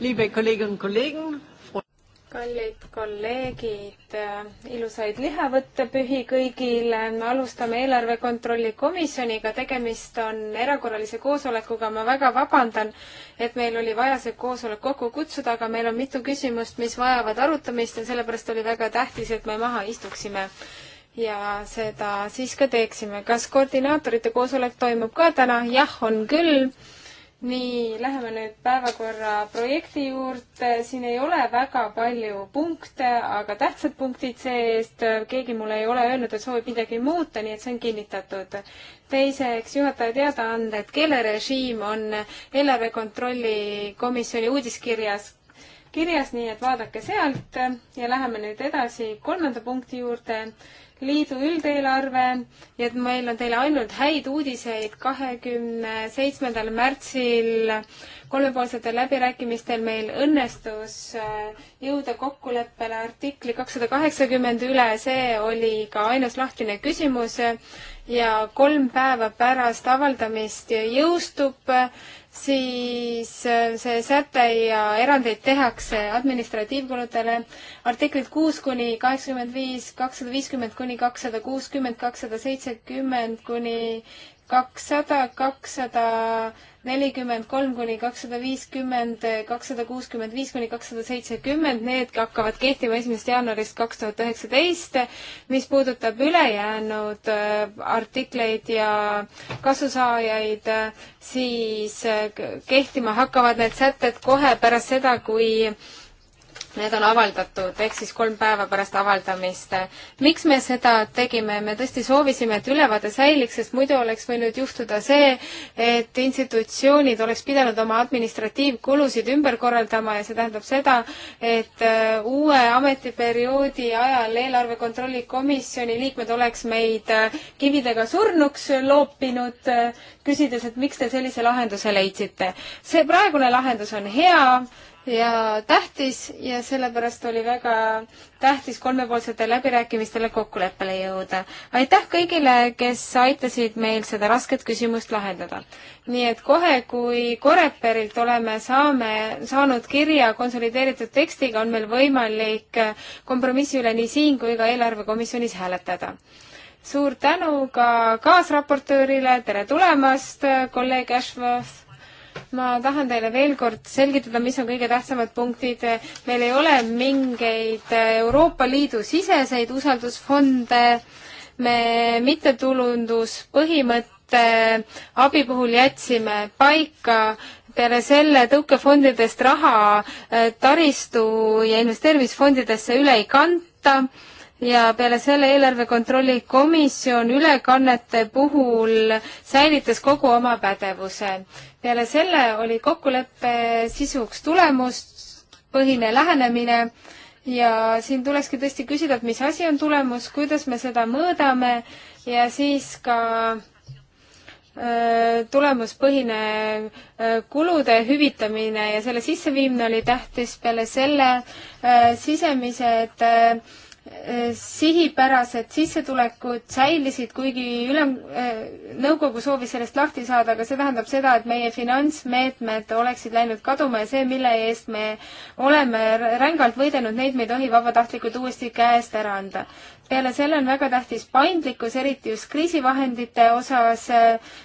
liebe Kolleginnen und Kollegen. kallid kolleegid, ilusaid lihavõttepühi kõigile. me alustame eelarve kontrolli komisjoniga, tegemist on erakorralise koosolekuga. ma väga vabandan, et meil oli vaja see koosolek kokku kutsuda, aga meil on mitu küsimust, mis vajavad arutamist ja sellepärast oli väga tähtis, et me maha istuksime ja seda siis ka teeksime. kas koordinaatorite koosolek toimub ka täna? jah, on küll nii, läheme nüüd päevakorra projekti juurde, siin ei ole väga palju punkte, aga tähtsad punktid see-eest, keegi mulle ei ole öelnud, et soovib midagi muuta, nii et see on kinnitatud. teiseks, juhataja teadaanded, keelerežiim on eelarve kontrolli komisjoni uudiskirjas kirjas, nii et vaadake sealt ja läheme nüüd edasi kolmanda punkti juurde Liidu üldeelarve ja et meil on teile ainult häid uudiseid kahekümne seitsmendal märtsil kolmepoolsetel läbirääkimistel meil õnnestus äh, jõuda kokkuleppele artikli kakssada kaheksakümmend üle, see oli ka ainus lahtine küsimus ja kolm päeva pärast avaldamist jõustub siis äh, see säte ja erandeid tehakse administratiivkuludele. artiklid kuus kuni kaheksakümmend viis, kakssada viiskümmend kuni kakssada kuuskümmend, kakssada seitsekümmend kuni kakssada, kakssada nelikümmend kolm kuni kakssada viiskümmend, kakssada kuuskümmend viis kuni kakssada seitsekümmend, need hakkavad kehtima esimesest jaanuarist kaks tuhat üheksateist. mis puudutab ülejäänud äh, artikleid ja kasusaajaid, äh, siis äh, kehtima hakkavad need sätted kohe pärast seda, kui Need on avaldatud, ehk siis kolm päeva pärast avaldamist. miks me seda tegime, me tõesti soovisime, et ülevaade säiliks, sest muidu oleks võinud juhtuda see, et institutsioonid oleks pidanud oma administratiivkulusid ümber korraldama ja see tähendab seda, et äh, uue ametiperioodi ajal eelarve kontrolli komisjoni liikmed oleks meid äh, kividega surnuks loopinud, äh, küsides, et miks te sellise lahenduse leidsite. see praegune lahendus on hea ja tähtis ja sellepärast oli väga tähtis kolmepoolsetele läbirääkimistele kokkuleppele jõuda. aitäh kõigile, kes aitasid meil seda rasket küsimust lahendada. nii et kohe, kui Coreperilt oleme, saame, saanud kirja konsolideeritud tekstiga, on meil võimalik kompromissi üle nii siin kui ka eelarvekomisjonis hääletada suur tänu ka kaasraportöörile, tere tulemast, kolleeg Ashworth ma tahan teile veel kord selgitada, mis on kõige tähtsamad punktid. meil ei ole mingeid Euroopa Liidu siseseid usaldusfonde, me mittetulunduspõhimõtte abi puhul jätsime paika peale selle tõukefondidest raha äh, taristu ja investeerimisfondidesse üle ei kanta ja peale selle eelarve kontrolli komisjon ülekannete puhul säilitas kogu oma pädevuse. peale selle oli kokkuleppe sisuks tulemuspõhine lähenemine ja siin tulekski tõesti küsida, et mis asi on tulemus, kuidas me seda mõõdame ja siis ka tulemuspõhine kulude hüvitamine ja selle sisseviimine oli tähtis, peale selle sisemised sihipärased sissetulekud säilisid, kuigi ülem, äh, nõukogu soovis sellest lahti saada, aga see tähendab seda, et meie finantsmeetmed oleksid läinud kaduma ja see, mille eest me oleme rängalt võidelnud, neid me ei tohi vabatahtlikult uuesti käest ära anda. peale selle on väga tähtis paindlikkus, eriti just kriisivahendite osas.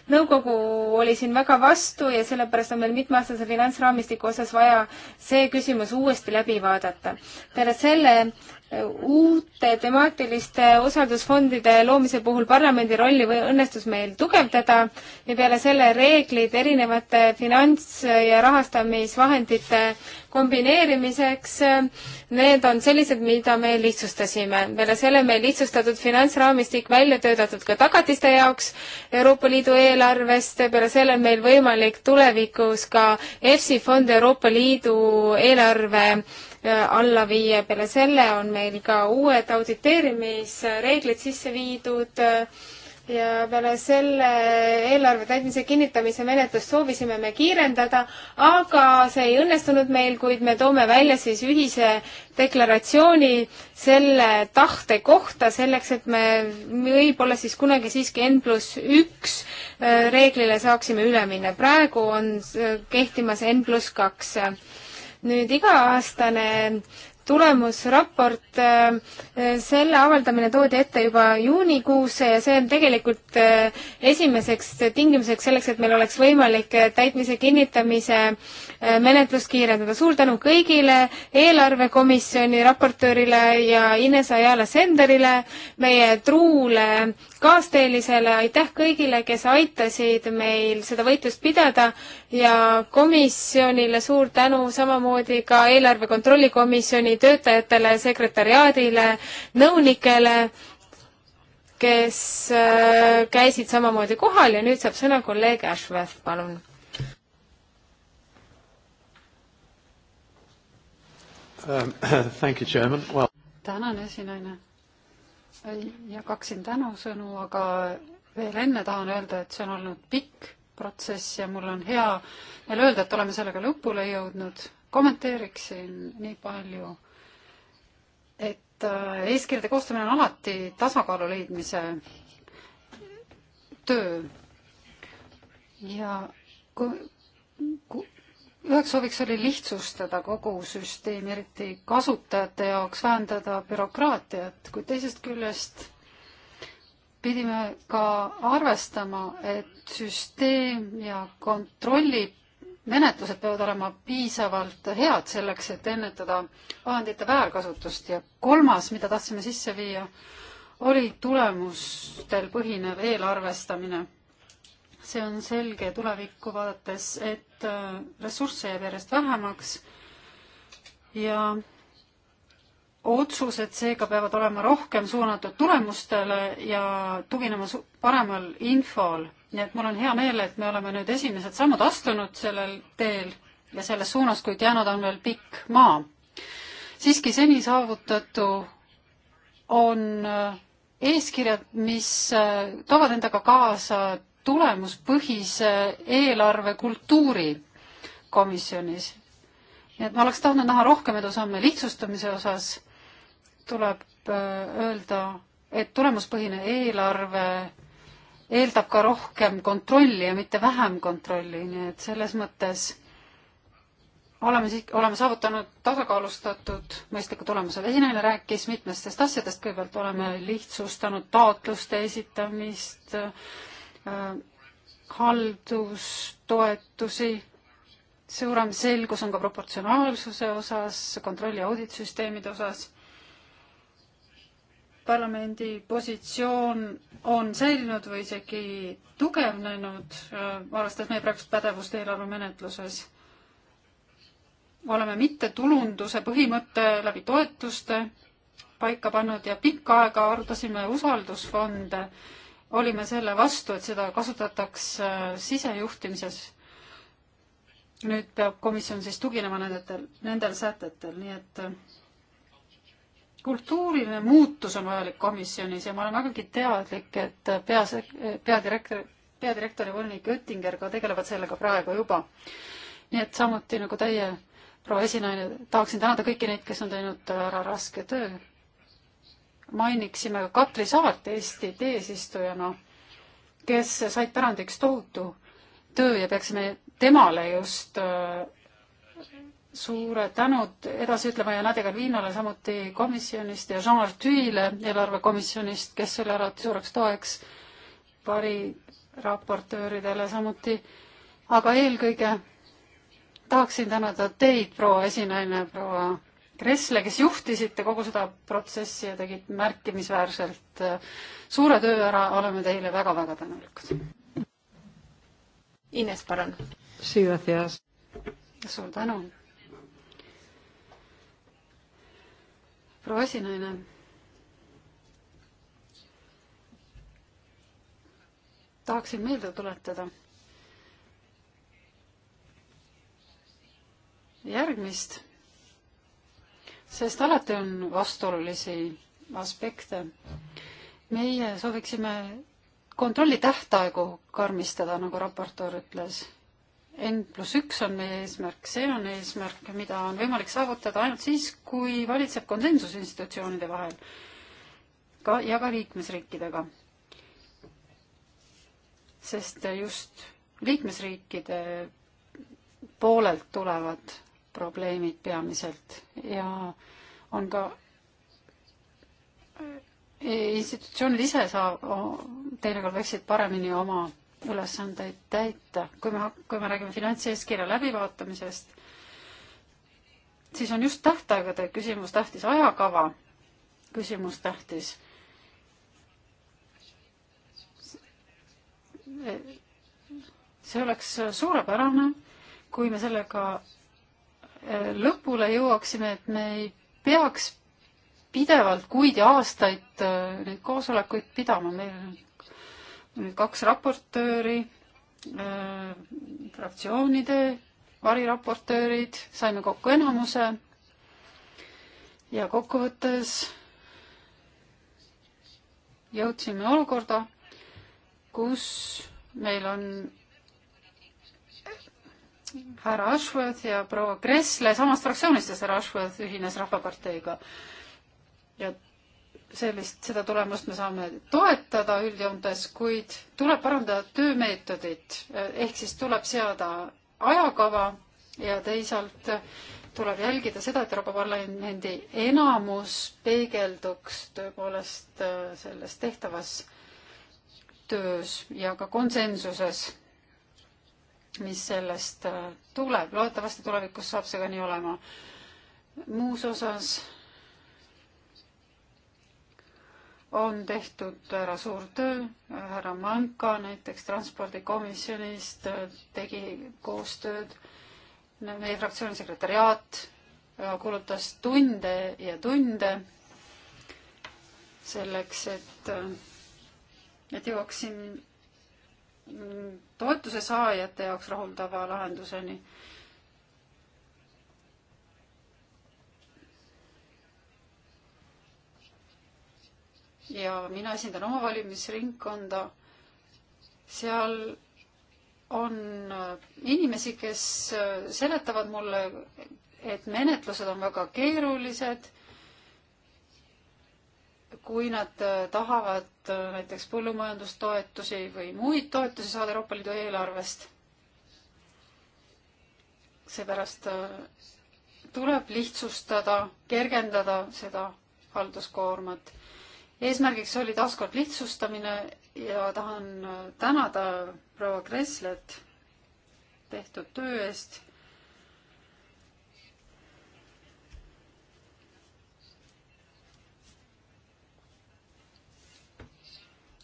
nõukogu oli siin väga vastu ja sellepärast on meil mitmeaastase finantsraamistiku osas vaja see küsimus uuesti läbi vaadata. peale selle uute temaatiliste usaldusfondide loomise puhul parlamendi rolli või õnnestus meil tugevdada ja peale selle reeglid erinevate finants- ja rahastamisvahendite kombineerimiseks, need on sellised, mida me lihtsustasime. peale selle meil lihtsustatud finantsraamistik välja töötatud ka tagatiste jaoks Euroopa Liidu eelarvest, peale selle on meil võimalik tulevikus ka EFSI fond Euroopa Liidu eelarve Äh, alla viia. peale selle on meil ka uued auditeerimisreeglid sisse viidud äh, ja peale selle eelarve täitmise kinnitamise menetlust soovisime me kiirendada, aga see ei õnnestunud meil, kuid me toome välja siis ühise deklaratsiooni selle tahte kohta, selleks et me võib-olla siis kunagi siiski N pluss üks äh, reeglile saaksime üle minna. praegu on kehtimas N pluss kaks nüüd iga-aastane tulemusraport, äh, selle avaldamine toodi ette juba juunikuusse ja see on tegelikult äh, esimeseks tingimuseks selleks, et meil oleks võimalik äh, täitmise kinnitamise Äh, menetlust kiirendada. suur tänu kõigile, eelarvekomisjoni raportöörile ja Ines Ajala Senderile, meie truule kaasteelisele, aitäh kõigile, kes aitasid meil seda võitlust pidada ja komisjonile suur tänu, samamoodi ka eelarve kontrolli komisjoni töötajatele, sekretariaadile, nõunikele kes äh, käisid samamoodi kohal ja nüüd saab sõna kolleeg Ashworth, palun um,. Thank you, chairman well.... tänan, esinaine. jagaksin tänusõnu, aga veel enne tahan öelda, et see on olnud pikk protsess ja mul on hea meel öelda, et oleme sellega lõpule jõudnud. kommenteeriksin nii palju, et äh, eeskirjade koostamine on alati tasakaalu leidmise töö ja kui, kui üheks sooviks oli lihtsustada kogu süsteemi, eriti kasutajate jaoks, vähendada bürokraatiat, kuid teisest küljest pidime ka arvestama, et süsteem ja kontrollimenetlused peavad olema piisavalt head selleks, et ennetada vahendite väärkasutust ja kolmas, mida tahtsime sisse viia, oli tulemustel põhinev eelarvestamine see on selge tulevikku vaadates, et äh, ressursse jääb järjest vähemaks ja otsused seega peavad olema rohkem suunatud tulemustele ja tuginema paremal infol. nii et mul on hea meel, et me oleme nüüd esimesed sammud astunud sellel teel ja selles suunas, kuid jäänud on veel pikk maa. siiski seni saavutatu on äh, eeskirjad, mis äh, toovad endaga kaasa tulemuspõhise eelarve kultuuri komisjonis. nii et ma oleks tahtnud näha rohkem edusamme lihtsustamise osas, tuleb äh, öelda, et tulemuspõhine eelarve eeldab ka rohkem kontrolli ja mitte vähem kontrolli, nii et selles mõttes oleme siis, oleme saavutanud tasakaalustatud mõistliku tulemuse. esineja rääkis mitmestest asjadest, kõigepealt oleme lihtsustanud taotluste esitamist, Äh, haldustoetusi, suurem selgus on ka proportsionaalsuse osas, kontrolli auditsüsteemide osas. parlamendi positsioon on säilinud või isegi tugevnenud, äh, arvestades meie praegust pädevust eelarvemenetluses. oleme mittetulunduse põhimõtte läbi toetuste paika pannud ja pikka aega arutasime usaldusfonde olime selle vastu, et seda kasutataks äh, sisejuhtimises. nüüd peab komisjon siis tuginema nendel, nendel sätetel, nii et äh, kultuuriline muutus on vajalik komisjonis ja ma olen vägagi teadlik, et äh, pease-, peadirektor, peadirektori volinik Oettinger ka tegelevad sellega praegu juba. nii et samuti nagu teie, proua esinaine, tahaksin tänada kõiki neid, kes on teinud ära raske töö mainiksime ka Katri Saart Eesti eesistujana, kes said pärandiks tohutu töö ja peaksime temale just äh, suured tänud edasi ütlema ja Nadia Calvinole samuti komisjonist ja Jean Arthuile eelarvekomisjonist, kes oli alati suureks toeks variraportööridele samuti. aga eelkõige tahaksin tänada teid, proua esinaine, proua Kressle, kes juhtisite kogu seda protsessi ja tegid märkimisväärselt äh, suure töö ära, oleme teile väga-väga tänulikud. Ines, palun. suur tänu. proua esinaine. tahaksin meelde tuletada järgmist sest alati on vastuolulisi aspekte. meie sooviksime kontrolli tähtaegu karmistada, nagu raportöör ütles. N pluss üks on meie eesmärk, see on eesmärk, mida on võimalik saavutada ainult siis, kui valitseb konsensus institutsioonide vahel ka ja ka liikmesriikidega. sest just liikmesriikide poolelt tulevad probleemid peamiselt ja on ka e, institutsioonid ise saab, teinekord võiksid paremini oma ülesandeid täita. kui me, kui me räägime finantseeskirja läbivaatamisest, siis on just tähtaegade küsimus tähtis, ajakava küsimus tähtis. see oleks suurepärane, kui me sellega lõpule jõuaksime, et me ei peaks pidevalt kuid ja aastaid äh, neid koosolekuid pidama, meil on nüüd kaks raportööri äh,, fraktsioonide variraportöörid, saime kokku enamuse ja kokkuvõttes jõudsime olukorda, kus meil on härra Ashworth ja proua Kressle samast fraktsioonist, sest härra Ashworth ühines Rahvaparteiga. ja sellist, seda tulemust me saame toetada üldjoontes, kuid tuleb parandada töömeetodit, ehk siis tuleb seada ajakava ja teisalt tuleb jälgida seda, et Euroopa Parlamendi enamus peegelduks tõepoolest äh, selles tehtavas töös ja ka konsensuses mis sellest äh, tuleb. loodetavasti tulevikus saab see ka nii olema. muus osas on tehtud ära suur töö, härra Manka näiteks transpordikomisjonist äh, tegi koostööd, meie fraktsiooni sekretäriaat äh, kulutas tunde ja tunde selleks, et, et jõuaksin toetuse saajate jaoks rahuldava lahenduseni. ja mina esindan oma valimisringkonda. seal on äh, inimesi, kes äh, seletavad mulle, et menetlused on väga keerulised kui nad äh, tahavad äh, näiteks põllumajandustoetusi või muid toetusi saada Euroopa Liidu eelarvest, seepärast äh, tuleb lihtsustada, kergendada seda halduskoormat. eesmärgiks oli taaskord lihtsustamine ja tahan tänada proua Kresslet tehtud töö eest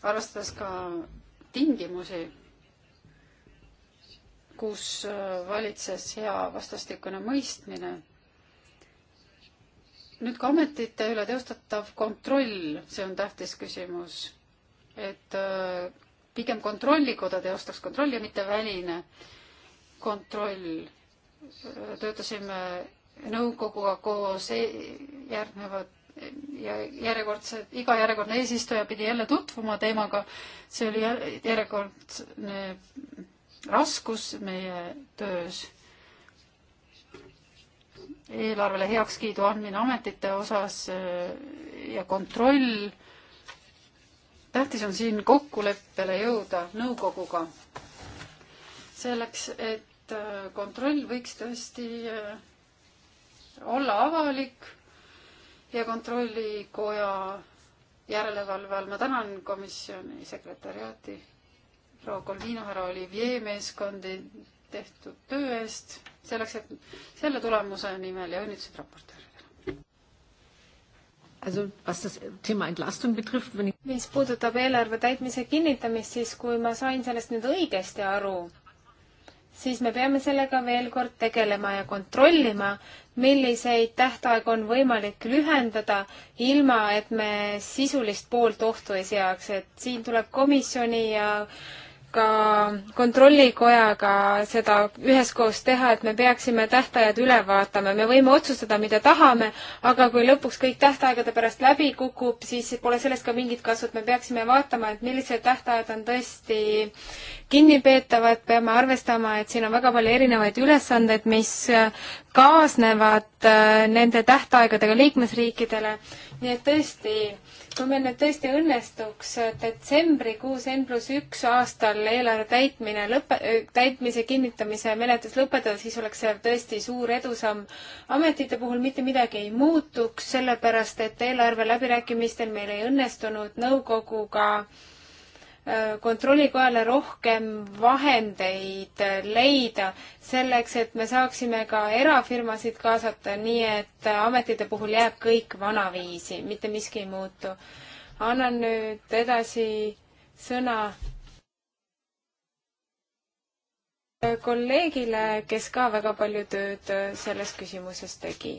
arvestades ka tingimusi, kus äh, valitses hea vastastikune mõistmine. nüüd ka ametite üle teostatav kontroll, see on tähtis küsimus, et äh, pigem kontrollikoda teostaks kontrolli ja mitte väline kontroll. Äh, töötasime nõukoguga koos e-, järgnevad ja järjekordsed, iga järjekordne eesistuja pidi jälle tutvuma teemaga. see oli järjekordne raskus meie töös. eelarvele heakskiidu andmine ametite osas eh, ja kontroll. tähtis on siin kokkuleppele jõuda nõukoguga. selleks, et eh, kontroll võiks tõesti eh, olla avalik ja Kontrollikoja järelevalve all. ma tänan komisjoni sekretäriaati, proua Colvino, härra Olivier meeskondi tehtud töö eest, selleks, et selle tulemuse nimel ja õnnitlused raportööridele. Also was das Thema Entlastung betrifft, wenn ich mis puudutab eelarve täitmise kinnitamist, siis kui ma sain sellest nüüd õigesti aru, siis me peame sellega veel kord tegelema ja kontrollima, milliseid tähtaegu on võimalik lühendada, ilma et me sisulist poolt ohtu ei seaks, et siin tuleb komisjoni ja äh, ka Kontrollikojaga seda üheskoos teha, et me peaksime tähtajad üle vaatama, me võime otsustada, mida tahame, aga kui lõpuks kõik tähtaegade pärast läbi kukub, siis pole sellest ka mingit kasu, et me peaksime vaatama, et millised tähtajad on tõesti kinnipeetavad, peame arvestama, et siin on väga palju erinevaid ülesandeid, mis kaasnevad äh, nende tähtaegadega liikmesriikidele, nii et tõesti, kui meil nüüd tõesti õnnestuks detsembrikuus N pluss üks aastal eelarve täitmine lõpe, täitmise kinnitamise menetlus lõpetada, siis oleks see tõesti suur edusamm. ametite puhul mitte midagi ei muutuks, sellepärast et eelarve läbirääkimistel meil ei õnnestunud nõukoguga äh, kontrollikojale rohkem vahendeid leida selleks, et me saaksime ka erafirmasid kaasata, nii et ametite puhul jääb kõik vanaviisi, mitte miski ei muutu. annan nüüd edasi sõna kolleegile, kes ka väga palju tööd selles küsimuses tegi.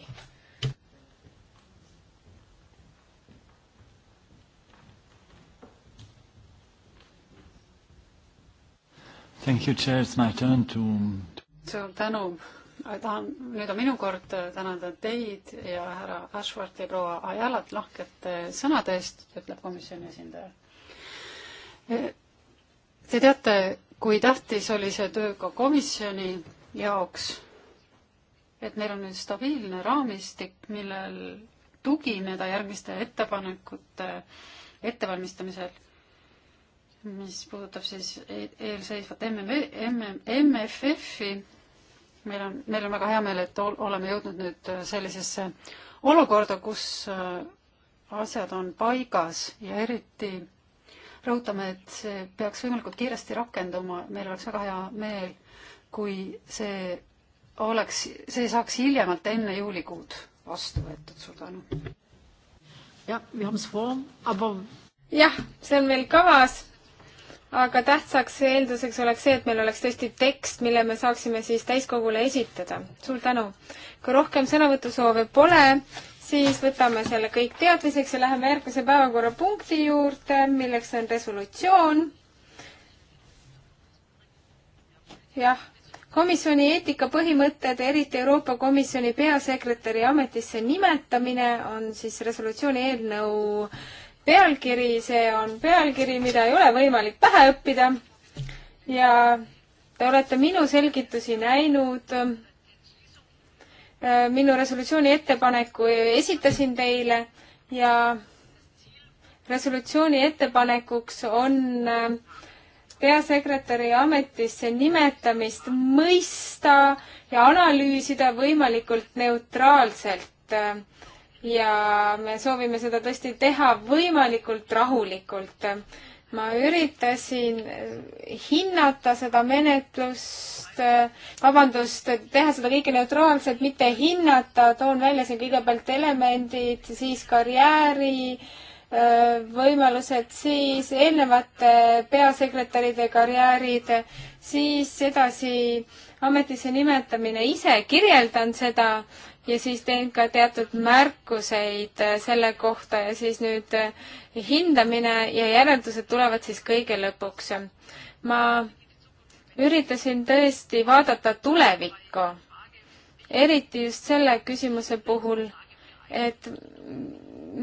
Thank you, Chair, it's my turn to suur tänu, tahan, nüüd on minu kord äh, tänada teid ja härra Ashworthi ja proua Ajalat lahkete sõnade eest, ütleb komisjoni esindaja. Äh, te teate, kui tähtis oli see töö ka komisjoni jaoks, et neil on nüüd stabiilne raamistik, millel tugineda järgmiste ettepanekute ettevalmistamisel mis puudutab siis e-, eelseisvat MFF-i, e, e, meil on, meil on väga hea meel, et oleme jõudnud nüüd äh, sellisesse olukorda, kus äh, asjad on paigas ja eriti rõhutame, et see peaks võimalikult kiiresti rakenduma, meil oleks väga hea meel, kui see oleks, see saaks hiljemalt enne juulikuud vastu võetud, suur tänu. jah, jah, see on meil kavas aga tähtsaks eelduseks oleks see, et meil oleks tõesti tekst, mille me saaksime siis täiskogule esitada. suur tänu! kui rohkem sõnavõtusoove pole, siis võtame selle kõik teadmiseks ja läheme järgmise päevakorrapunkti juurde, milleks on resolutsioon. jah, komisjoni eetikapõhimõtted, eriti Euroopa Komisjoni peasekretäri ametisse nimetamine on siis resolutsiooni eelnõu pealkiri, see on pealkiri, mida ei ole võimalik pähe õppida. ja te olete minu selgitusi näinud. Äh, minu resolutsiooni ettepaneku esitasin teile ja resolutsiooni ettepanekuks on äh, peasekretäri ametisse nimetamist mõista ja analüüsida võimalikult neutraalselt äh, ja me soovime seda tõesti teha võimalikult rahulikult. ma üritasin äh, hinnata seda menetlust, äh, vabandust, teha seda kõike neutraalselt, mitte hinnata, toon välja siin kõigepealt elemendid, siis karjääri, äh, võimalused, siis eelnevate peasekretäride karjäärid, siis edasi ametisse nimetamine, ise kirjeldan seda ja siis teen ka teatud märkuseid äh, selle kohta ja siis nüüd äh, hindamine ja järeldused tulevad siis kõige lõpuks. ma üritasin tõesti vaadata tulevikku, eriti just selle küsimuse puhul, et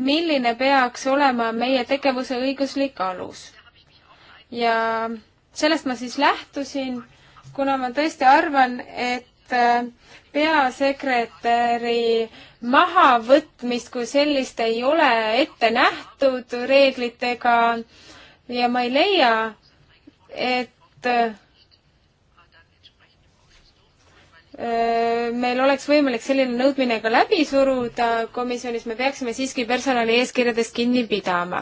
milline peaks olema meie tegevuse õiguslik alus. ja sellest ma siis lähtusin, kuna ma tõesti arvan, et Äh, peasekretäri mahavõtmist kui sellist ei ole ette nähtud reeglitega ja ma ei leia, et äh, meil oleks võimalik selline nõudmine ka läbi suruda komisjonis, me peaksime siiski personali eeskirjadest kinni pidama.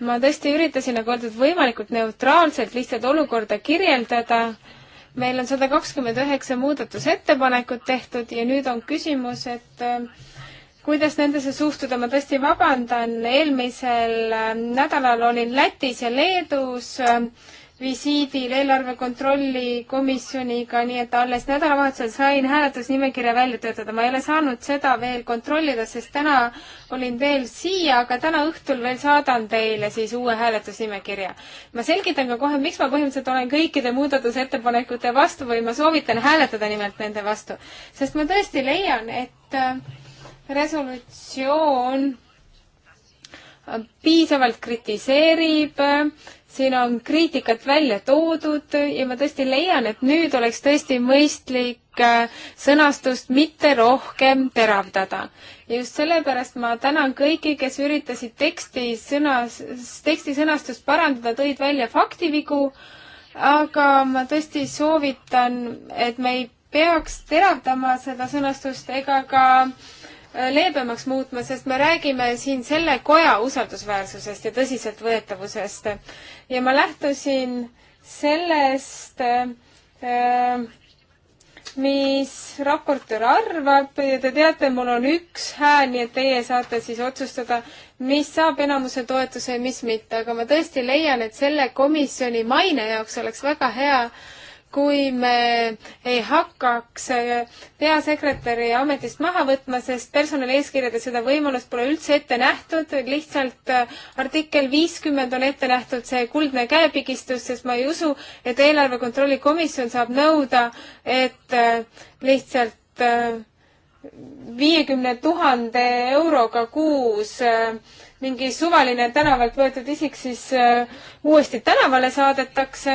ma tõesti üritasin, nagu öeldud, võimalikult neutraalselt lihtsalt olukorda kirjeldada meil on sada kakskümmend üheksa muudatusettepanekut tehtud ja nüüd on küsimus, et äh, kuidas nendesse suhtuda, ma tõesti vabandan, eelmisel äh, nädalal olin Lätis ja Leedus äh, visiidil eelarve kontrolli komisjoniga, nii et alles nädalavahetusel sain hääletusnimekirja välja töötada. ma ei ole saanud seda veel kontrollida, sest täna olin veel siia, aga täna õhtul veel saadan teile siis uue hääletusnimekirja. ma selgitan ka kohe, miks ma põhimõtteliselt olen kõikide muudatusettepanekute vastu või ma soovitan hääletada nimelt nende vastu. sest ma tõesti leian, et äh, resolutsioon piisavalt kritiseerib, siin on kriitikat välja toodud ja ma tõesti leian, et nüüd oleks tõesti mõistlik äh, sõnastust mitte rohkem teravdada. ja just sellepärast ma tänan kõiki, kes üritasid teksti sõnas, teksti sõnastust parandada, tõid välja faktivigu, aga ma tõesti soovitan, et me ei peaks teravdama seda sõnastust ega ka äh, Äh, leebemaks muutma, sest me räägime siin selle koja usaldusväärsusest ja tõsiseltvõetavusest. ja ma lähtusin sellest, äh, mis raportöör arvab ja te teate, mul on üks hääl, nii et teie saate siis otsustada, mis saab enamuse toetuse ja mis mitte, aga ma tõesti leian, et selle komisjoni maine jaoks oleks väga hea äh, kui me ei hakkaks peasekretäri ametist maha võtma, sest personalieeskirjades seda võimalust pole üldse ette nähtud, lihtsalt äh, artikkel viiskümmend on ette nähtud see kuldne käepigistus, sest ma ei usu, et eelarve kontrolli komisjon saab nõuda, et äh, lihtsalt äh, viiekümne tuhande euroga kuus mingi suvaline tänavalt võetud isik siis uuesti tänavale saadetakse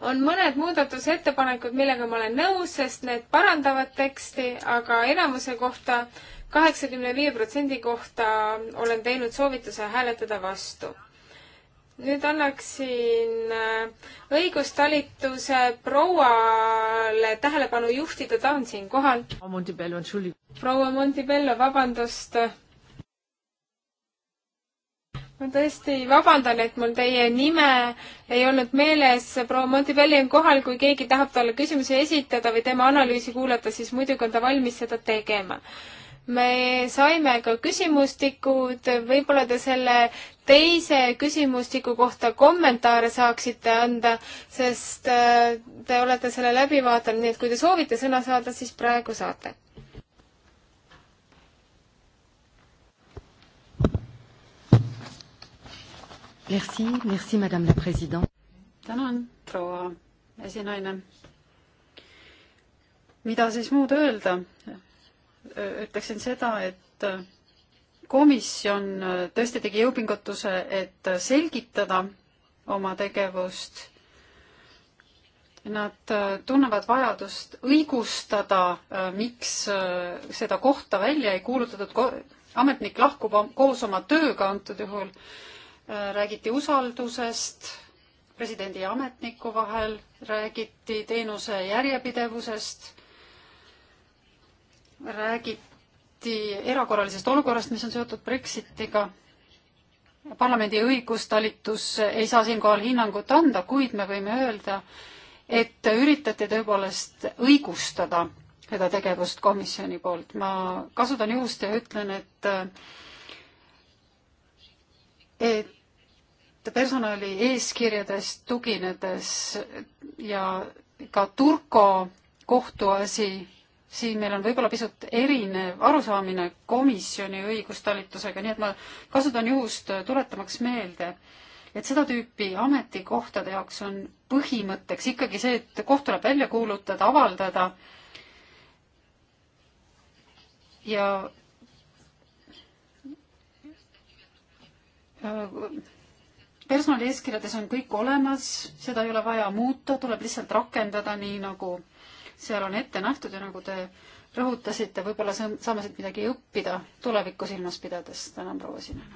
on mõned muudatusettepanekud, millega ma olen nõus, sest need parandavad teksti, aga enamuse kohta, kaheksakümne viie protsendi kohta olen teinud soovituse hääletada vastu. nüüd annaksin äh, õigustalituse prouale tähelepanu juhtida, ta on siinkohal. proua Montibello, vabandust ma tõesti vabandan, et mul teie nime ei olnud meeles, proua Montebelli on kohal, kui keegi tahab talle küsimusi esitada või tema analüüsi kuulata, siis muidugi on ta valmis seda tegema. me saime ka küsimustikud, võib-olla te selle teise küsimustiku kohta kommentaare saaksite anda, sest äh, te olete selle läbi vaadanud, nii et kui te soovite sõna saada, siis praegu saate Merci, merci, madame la president. tänan, proua esinaine. mida siis muud öelda? ütleksin seda, et komisjon tõesti tegi jõupingutuse, et selgitada oma tegevust. Nad tunnevad vajadust õigustada, miks seda kohta välja ei kuulutatud, ametnik lahkub koos oma tööga antud juhul räägiti usaldusest presidendi ja ametniku vahel, räägiti teenuse järjepidevusest, räägiti erakorralisest olukorrast, mis on seotud Brexitiga. parlamendi õigustalitus ei saa siinkohal hinnangut anda, kuid me võime öelda, et üritati tõepoolest õigustada seda tegevust komisjoni poolt. ma kasutan juhust ja ütlen, et et personali eeskirjadest tuginedes ja ka Turko kohtuasi, siin meil on võib-olla pisut erinev arusaamine komisjoni õigustalitusega, nii et ma kasutan juhust tuletamaks meelde, et seda tüüpi ametikohtade jaoks on põhimõtteks ikkagi see, et koht tuleb välja kuulutada, avaldada ja personalieeskirjades on kõik olemas, seda ei ole vaja muuta, tuleb lihtsalt rakendada nii, nagu seal on ette nähtud ja nagu te rõhutasite, võib-olla saame siit midagi õppida tulevikku silmas pidades. tänan, proua Sinele.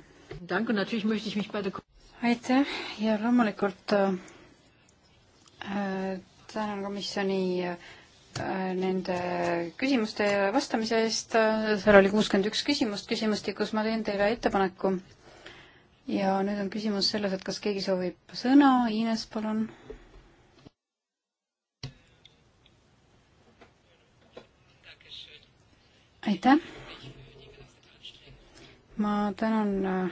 aitäh ja loomulikult äh, tänan komisjoni äh, nende küsimuste vastamise eest. Äh, seal oli kuuskümmend üks küsimust küsimustikus, ma teen teile ettepaneku ja nüüd on küsimus selles, et kas keegi soovib sõna, Ines, palun. aitäh. ma tänan äh,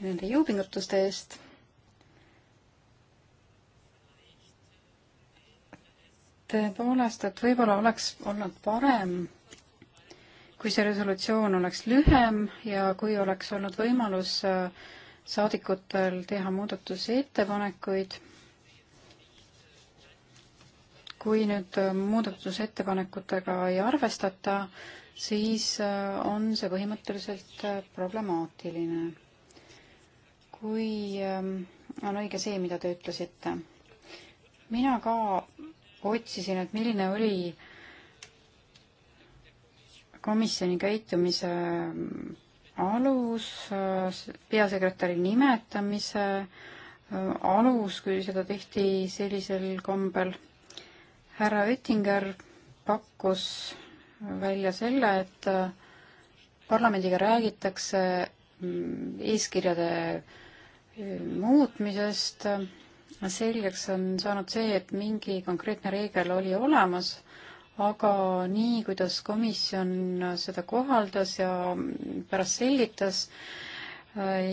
nende jõupingutuste eest tõepoolest, et võib-olla oleks olnud parem, kui see resolutsioon oleks lühem ja kui oleks olnud võimalus äh, saadikutel teha muudatusettepanekuid. kui nüüd muudatusettepanekutega ei arvestata, siis äh, on see põhimõtteliselt äh, problemaatiline. kui ähm, on õige see, mida te ütlesite. mina ka otsisin, et milline oli komisjoni käitumise alus, äh, peasekretäri nimetamise äh, alus, kui seda tehti sellisel kombel. härra Oettinger pakkus välja selle, et äh, parlamendiga räägitakse mm, eeskirjade muutmisest. selgeks on saanud see, et mingi konkreetne reegel oli olemas aga nii, kuidas komisjon seda kohaldas ja pärast selgitas,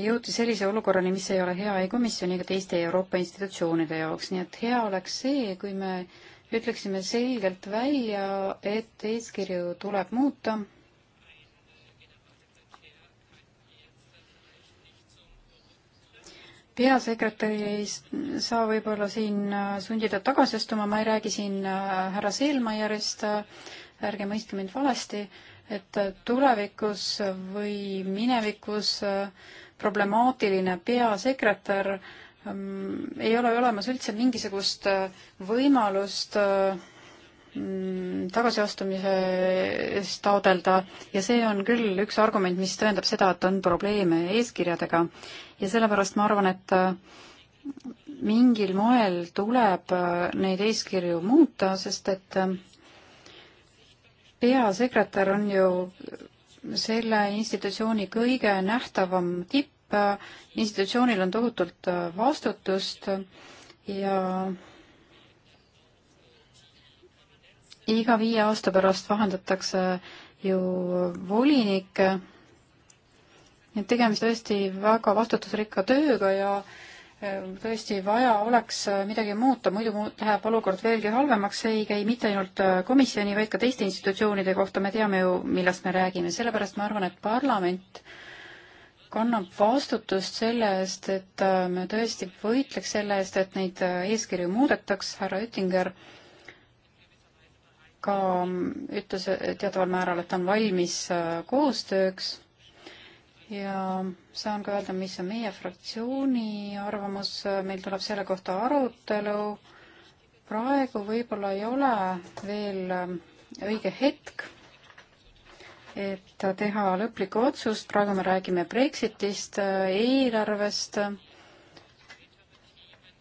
jõuti sellise olukorrani, mis ei ole hea ei komisjoni ega teiste Euroopa institutsioonide jaoks, nii et hea oleks see, kui me ütleksime selgelt välja, et eeskirju tuleb muuta peasekretäri ei saa võib-olla siin äh, sundida tagasi astuma, ma ei räägi siin äh, härra Seelmaierist, äh, ärge mõistke mind valesti, et tulevikus või minevikus problemaatiline peasekretär ähm, ei ole olemas üldse mingisugust võimalust äh, Mm, tagasiastumise eest taodelda ja see on küll üks argument, mis tõendab seda, et on probleeme eeskirjadega ja sellepärast ma arvan, et äh, mingil moel tuleb äh, neid eeskirju muuta, sest et äh, peasekretär on ju selle institutsiooni kõige nähtavam tipp, institutsioonil on tohutult vastutust ja iga viie aasta pärast vahendatakse ju volinikke, nii et tegemist tõesti väga vastutusrikka tööga ja e, tõesti vaja oleks e, midagi muuta, muidu läheb olukord veelgi halvemaks, see ei käi mitte ainult e, komisjoni, vaid ka teiste institutsioonide kohta, me teame ju, millest me räägime, sellepärast ma arvan, et parlament kannab vastutust selle eest, et me tõesti võitleks selle eest, et neid eeskirju muudetaks, härra Oettinger äh, ka ütles teataval määral, et ta on valmis äh, koostööks ja saan ka öelda, mis on meie fraktsiooni arvamus, meil tuleb selle kohta arutelu. praegu võib-olla ei ole veel äh, õige hetk, et teha lõplikku otsust, praegu me räägime Brexitist, äh, eelarvest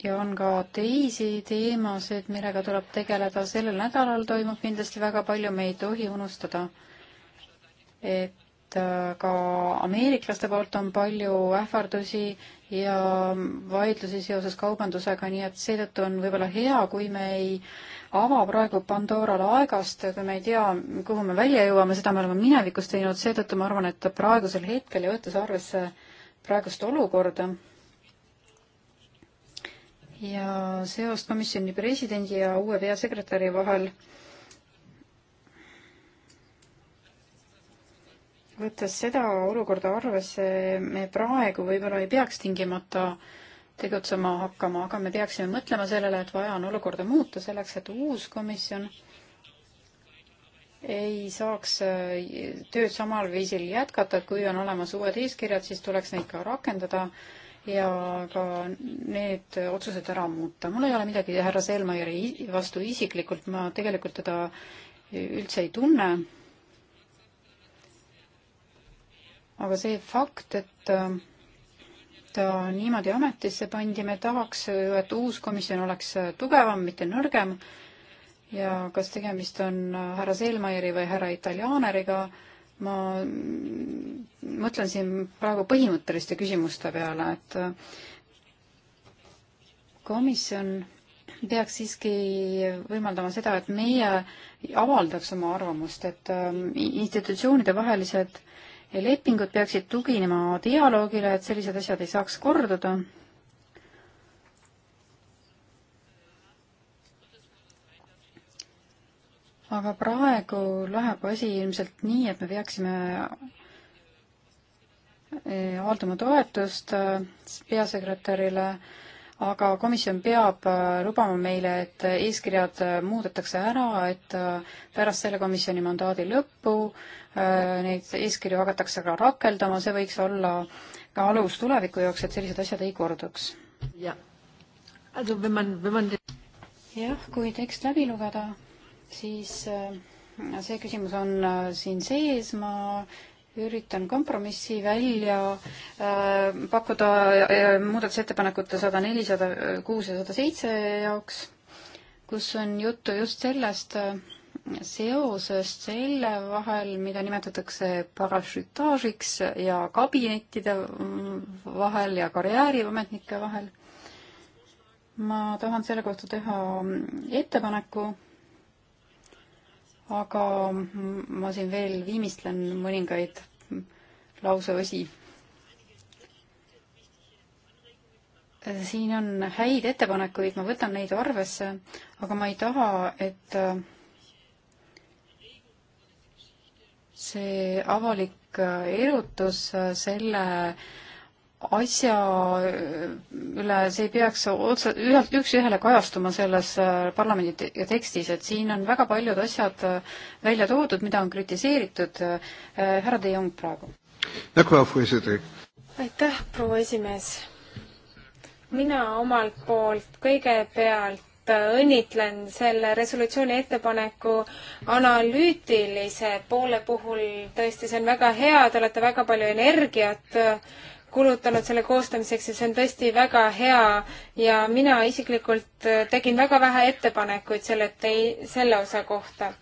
ja on ka teisi teemasid, millega tuleb tegeleda. sellel nädalal toimub kindlasti väga palju, me ei tohi unustada, et äh, ka ameeriklaste poolt on palju ähvardusi ja vaidlusi seoses kaubandusega, nii et seetõttu on võib-olla hea, kui me ei ava praegu Pandora laegast, kui me ei tea, kuhu me välja jõuame, seda me oleme minevikus teinud, seetõttu ma arvan, et praegusel hetkel ja võttes arvesse praegust olukorda, ja seost komisjoni presidendi ja uue peasekretäri vahel. võttes seda olukorda arvesse, me praegu võib-olla ei peaks tingimata tegutsema hakkama, aga me peaksime mõtlema sellele, et vaja on olukorda muuta selleks, et uus komisjon ei saaks äh, tööd samal viisil jätkata, et kui on olemas uued eeskirjad, siis tuleks neid ka rakendada ja ka need otsused ära muuta. mul ei ole midagi härra Selmajärvi vastu isiklikult, ma tegelikult teda üldse ei tunne. aga see fakt, et äh, ta niimoodi ametisse pandi, me tahaks ju, et uus komisjon oleks tugevam, mitte nõrgem ja kas tegemist on härra Selmajärvi või härra Italianeriga äh,, ma mõtlen siin praegu põhimõtteliste küsimuste peale, et äh, komisjon peaks siiski võimaldama seda, et meie avaldaks oma arvamust, et äh, institutsioonide vahelised lepingud peaksid tuginema dialoogile, et sellised asjad ei saaks korduda aga praegu läheb asi ilmselt nii, et me peaksime avaldama eh, toetust eh, peasekretärile, aga komisjon peab eh, lubama meile, et eeskirjad muudetakse ära, et pärast selle komisjoni mandaadi lõppu neid eeskirju hakatakse ka rakendama, see võiks olla ka alus tuleviku jaoks, et sellised asjad ei korduks. jah, kui tekst läbi lugeda siis äh, see küsimus on äh, siin sees, ma üritan kompromissi välja äh, pakkuda äh, muudatusettepanekute sada neli, sada kuus ja sada seitse jaoks, kus on juttu just sellest äh, seosest selle vahel, mida nimetatakse parašütaažiks ja kabinettide vahel ja karjääriametnike vahel. ma tahan selle kohta teha ettepaneku aga ma siin veel viimistlen mõningaid lauseosi. siin on häid ettepanekuid, ma võtan neid arvesse, aga ma ei taha, et see avalik erutus selle äh, asja üle, see ei peaks otse, ühelt, üks-ühele kajastuma selles äh, parlamendi tekstis, et siin on väga paljud asjad äh, välja toodud, mida on kritiseeritud. Äh, härra De Jong praegu. aitäh, proua esimees. mina omalt poolt kõigepealt õnnitlen selle resolutsiooni ettepaneku analüütilise poole puhul, tõesti, see on väga hea, te olete väga palju energiat kulutanud selle koostamiseks ja see on tõesti väga hea ja mina isiklikult äh, tegin väga vähe ettepanekuid selle, selle osa kohta.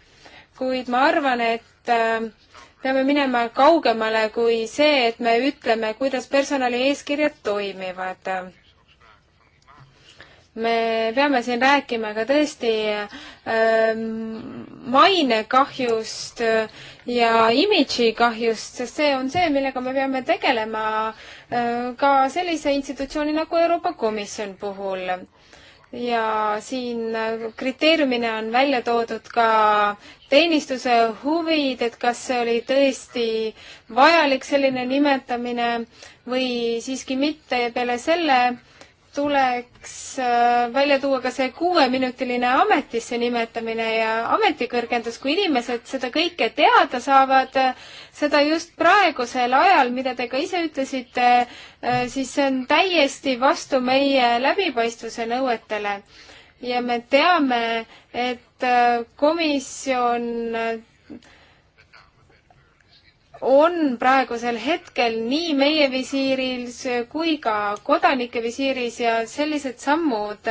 kuid ma arvan, et äh, peame minema kaugemale kui see, et me ütleme, kuidas personali eeskirjad toimivad me peame siin rääkima ka tõesti ähm, mainekahjust äh, ja imidži kahjust, sest see on see, millega me peame tegelema äh, ka sellise institutsiooni nagu Euroopa Komisjon puhul. ja siin äh, kriteeriumina on välja toodud ka teenistuse huvid, et kas see oli tõesti vajalik selline nimetamine või siiski mitte ja peale selle äh, tuleks äh, välja tuua ka see kuueminutiline ametisse nimetamine ja ametikõrgendus, kui inimesed seda kõike teada saavad, äh, seda just praegusel ajal, mida te ka ise ütlesite, äh, siis see on täiesti vastu meie läbipaistvuse nõuetele. ja me teame, et komisjon on praegusel hetkel nii meie visiiris kui ka kodanike visiiris ja sellised sammud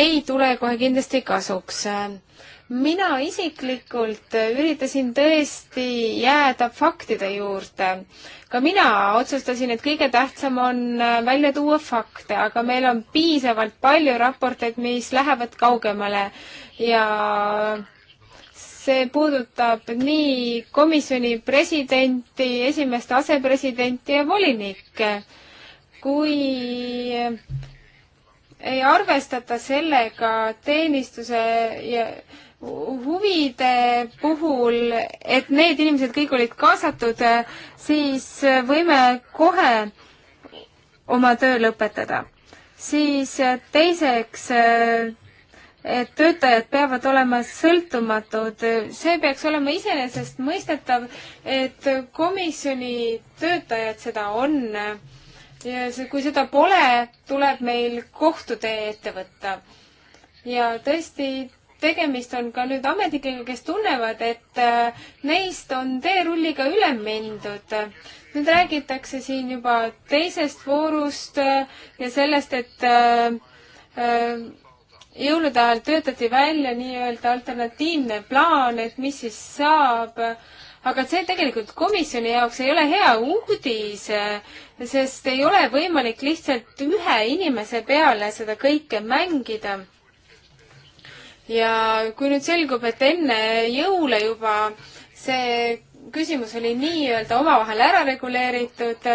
ei tule kohe kindlasti kasuks. mina isiklikult üritasin tõesti jääda faktide juurde. ka mina otsustasin, et kõige tähtsam on välja tuua fakte, aga meil on piisavalt palju raporteid, mis lähevad kaugemale ja see puudutab nii komisjoni presidenti, esimest asepresidenti ja volinikke. kui ei arvestata sellega teenistuse ja huvide puhul, et need inimesed kõik olid kaasatud, siis võime kohe oma töö lõpetada. siis teiseks et töötajad peavad olema sõltumatud, see peaks olema iseenesestmõistetav, et komisjoni töötajad seda on. ja see, kui seda pole, tuleb meil kohtutee ette võtta. ja tõesti, tegemist on ka nüüd ametnikega, kes tunnevad, et äh, neist on teerulliga üle mindud. nüüd räägitakse siin juba teisest voorust äh, ja sellest, et äh, jõulude ajal töötati välja nii-öelda alternatiivne plaan, et mis siis saab, aga see tegelikult komisjoni jaoks ei ole hea uudis, sest ei ole võimalik lihtsalt ühe inimese peale seda kõike mängida. ja kui nüüd selgub, et enne jõule juba see küsimus oli nii-öelda omavahel ära reguleeritud,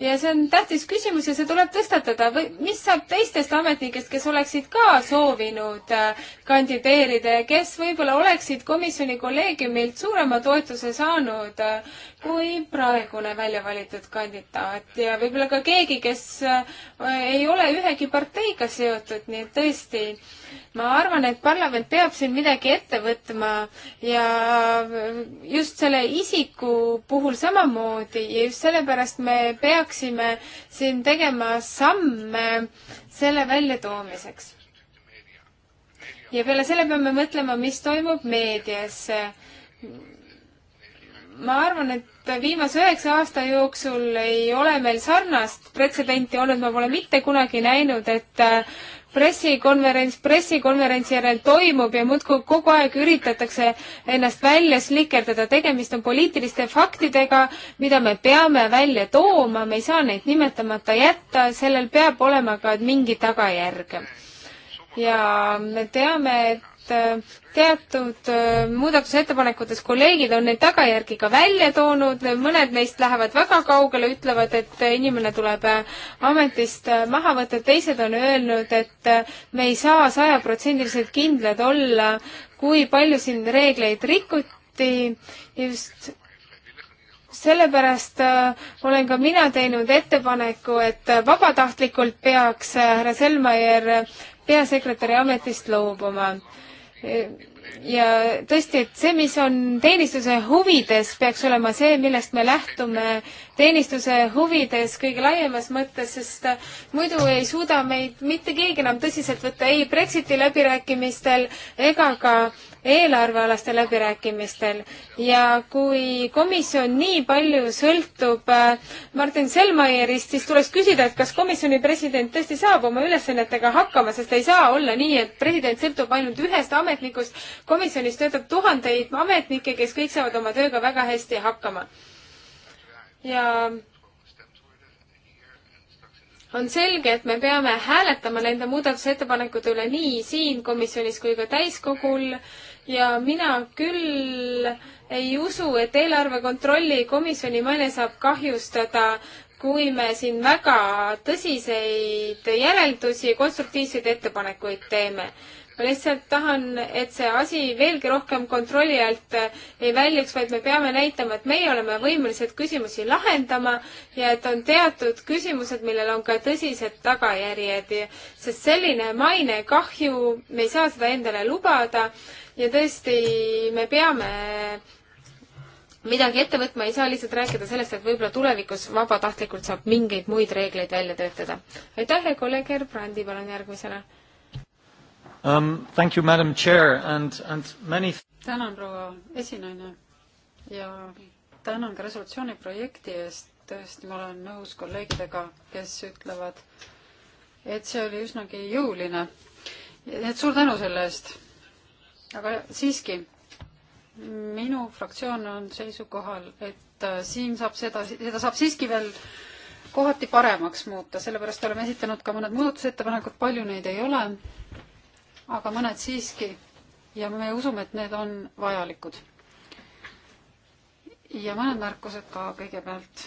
ja see on tähtis küsimus ja see tuleb tõstatada või mis saab teistest ametnikest, kes oleksid ka soovinud äh, kandideerida ja kes võib-olla oleksid komisjoni kolleegiumilt suurema toetuse saanud äh, kui praegune välja valitud kandidaat ja võib-olla ka keegi, kes äh, ei ole ühegi parteiga seotud, nii et tõesti, ma arvan, et parlament peab siin midagi ette võtma ja just selle isiku puhul samamoodi ja just sellepärast me peaksime peaksime siin tegema samme selle väljatoomiseks. ja peale selle peame mõtlema, mis toimub meedias. ma arvan, et viimase üheksa aasta jooksul ei ole meil sarnast pretsedenti olnud, ma pole mitte kunagi näinud, et pressikonverents pressikonverentsi järel toimub ja muudkui kogu aeg üritatakse ennast välja slikerdada, tegemist on poliitiliste faktidega, mida me peame välja tooma, me ei saa neid nimetamata jätta, sellel peab olema ka mingi tagajärg. ja me teame, et Äh, teatud äh, muudatusettepanekutes kolleegid on neid tagajärgi ka välja toonud, mõned neist lähevad väga kaugele, ütlevad, et inimene tuleb äh, ametist maha võtta, teised on öelnud, et me ei saa sajaprotsendiliselt kindlad olla, kui palju siin reegleid rikuti, just sellepärast olen ka mina teinud ettepaneku, et vabatahtlikult peaks härra Selmajärv peasekretäri ametist loobuma ja tõesti, et see, mis on teenistuse huvides, peaks olema see, millest me lähtume teenistuse huvides kõige laiemas mõttes, sest äh, muidu ei suuda meid mitte keegi enam tõsiselt võtta ei Brexiti läbirääkimistel ega ka eelarvealastel läbirääkimistel ja kui komisjon nii palju sõltub äh, Martin Selmaierist, siis tuleks küsida, et kas komisjoni president tõesti saab oma ülesannetega hakkama, sest ei saa olla nii, et president sõltub ainult ühest ametnikust. komisjonis töötab tuhandeid ametnikke, kes kõik saavad oma tööga väga hästi hakkama. ja on selge, et me peame hääletama nende muudatusettepanekute üle nii siin komisjonis kui ka täiskogul ja mina küll ei usu, et eelarve kontrolli komisjoni maine saab kahjustada, kui me siin väga tõsiseid järeldusi ja konstruktiivseid ettepanekuid teeme ma lihtsalt tahan, et see asi veelgi rohkem kontrolli alt äh, ei väljuks, vaid me peame näitama, et meie oleme võimelised küsimusi lahendama ja et on teatud küsimused, millel on ka tõsised tagajärjed, sest selline mainekahju, me ei saa seda endale lubada ja tõesti, me peame midagi ette võtma, ei saa lihtsalt rääkida sellest, et võib-olla tulevikus vabatahtlikult saab mingeid muid reegleid välja töötada. aitäh ja kolleeg Herbrandi, palun järgmisena Um, thank you, madam chair and, and many tänan, proua esinaine ja tänan ka resolutsiooni projekti eest. tõesti, ma olen nõus kolleegidega, kes ütlevad, et see oli üsnagi jõuline. nii et suur tänu selle eest. aga siiski, minu fraktsioon on seisukohal, et äh, siin saab seda, seda saab siiski veel kohati paremaks muuta, sellepärast oleme esitanud ka mõned muudatusettepanekud, palju neid ei ole aga mõned siiski ja me usume, et need on vajalikud. ja mõned märkused ka kõigepealt.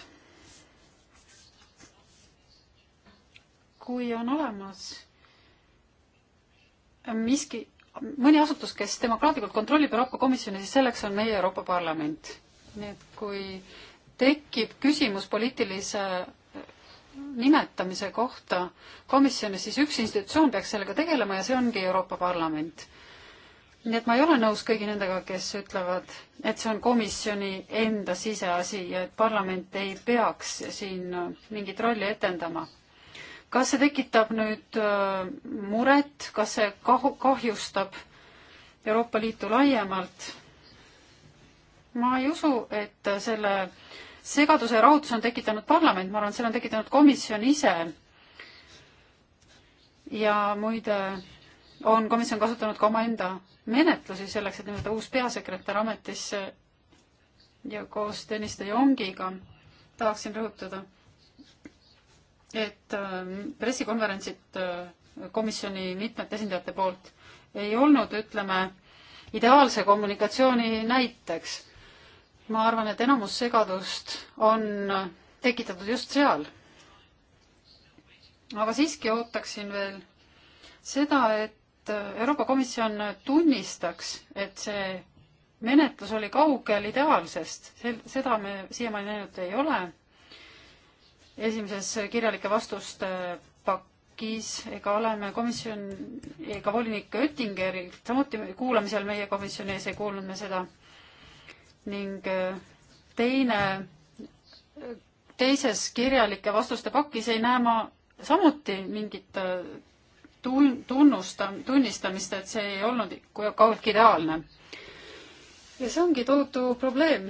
kui on olemas miski, mõni asutus, kes demokraatlikult kontrollib Euroopa Komisjoni, siis selleks on meie Euroopa Parlament. nii et kui tekib küsimus poliitilise nimetamise kohta komisjonis, siis üks institutsioon peaks sellega tegelema ja see ongi Euroopa Parlament. nii et ma ei ole nõus kõigi nendega, kes ütlevad, et see on komisjoni enda siseasi ja et parlament ei peaks siin mingit rolli etendama. kas see tekitab nüüd äh, muret, kas see kahu-, kahjustab Euroopa Liitu laiemalt? ma ei usu, et selle segaduse ja rahutuse on tekitanud parlament, ma arvan, et selle on tekitanud komisjon ise. ja muide, on komisjon kasutanud ka omaenda menetlusi selleks, et nimetada uus peasekretär ametisse ja koos Tõnis De Jongiga tahaksin rõhutada, et ähm, pressikonverentsid äh, komisjoni mitmete esindajate poolt ei olnud, ütleme, ideaalse kommunikatsiooni näiteks ma arvan, et enamus segadust on tekitatud just seal. aga siiski ootaksin veel seda, et Euroopa Komisjon tunnistaks, et see menetlus oli kaugel ideaalsest, sel-, seda me siiamaani näinud ei ole. esimeses kirjalike vastuste pakis ega oleme komisjon, ega volinik Oettingerilt, samuti kuulamisel meie komisjoni ees ei kuulnud me seda ning äh, teine, teises kirjalike vastuste pakis ei näe ma samuti mingit äh, tun-, tunnusta-, tunnistamist, et see ei olnud kaugeltki ideaalne. ja see ongi tohutu probleem,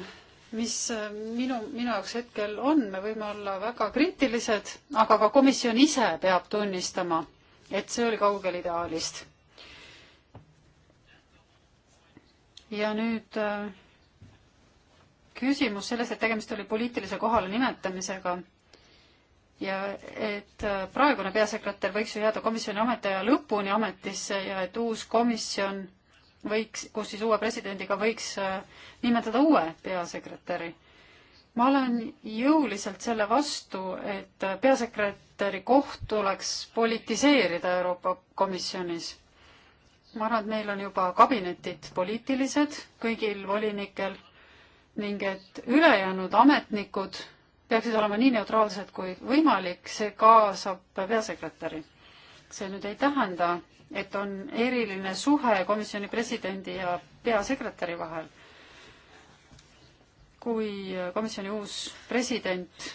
mis äh, minu, minu jaoks hetkel on, me võime olla väga kriitilised, aga ka komisjon ise peab tunnistama, et see oli kaugel ideaalist. ja nüüd äh, küsimus selles, et tegemist oli poliitilise kohale nimetamisega ja et äh, praegune peasekretär võiks ju jääda komisjoni ametiaja lõpuni ametisse ja et uus komisjon võiks, kus siis uue presidendiga võiks äh, nimetada uue peasekretäri. ma olen jõuliselt selle vastu, et äh, peasekretäri koht tuleks politiseerida Euroopa Komisjonis. ma arvan, et meil on juba kabinetid poliitilised kõigil volinikel ning et ülejäänud ametnikud peaksid olema nii neutraalsed kui võimalik, see kaasab peasekretäri. see nüüd ei tähenda, et on eriline suhe komisjoni presidendi ja peasekretäri vahel. kui komisjoni uus president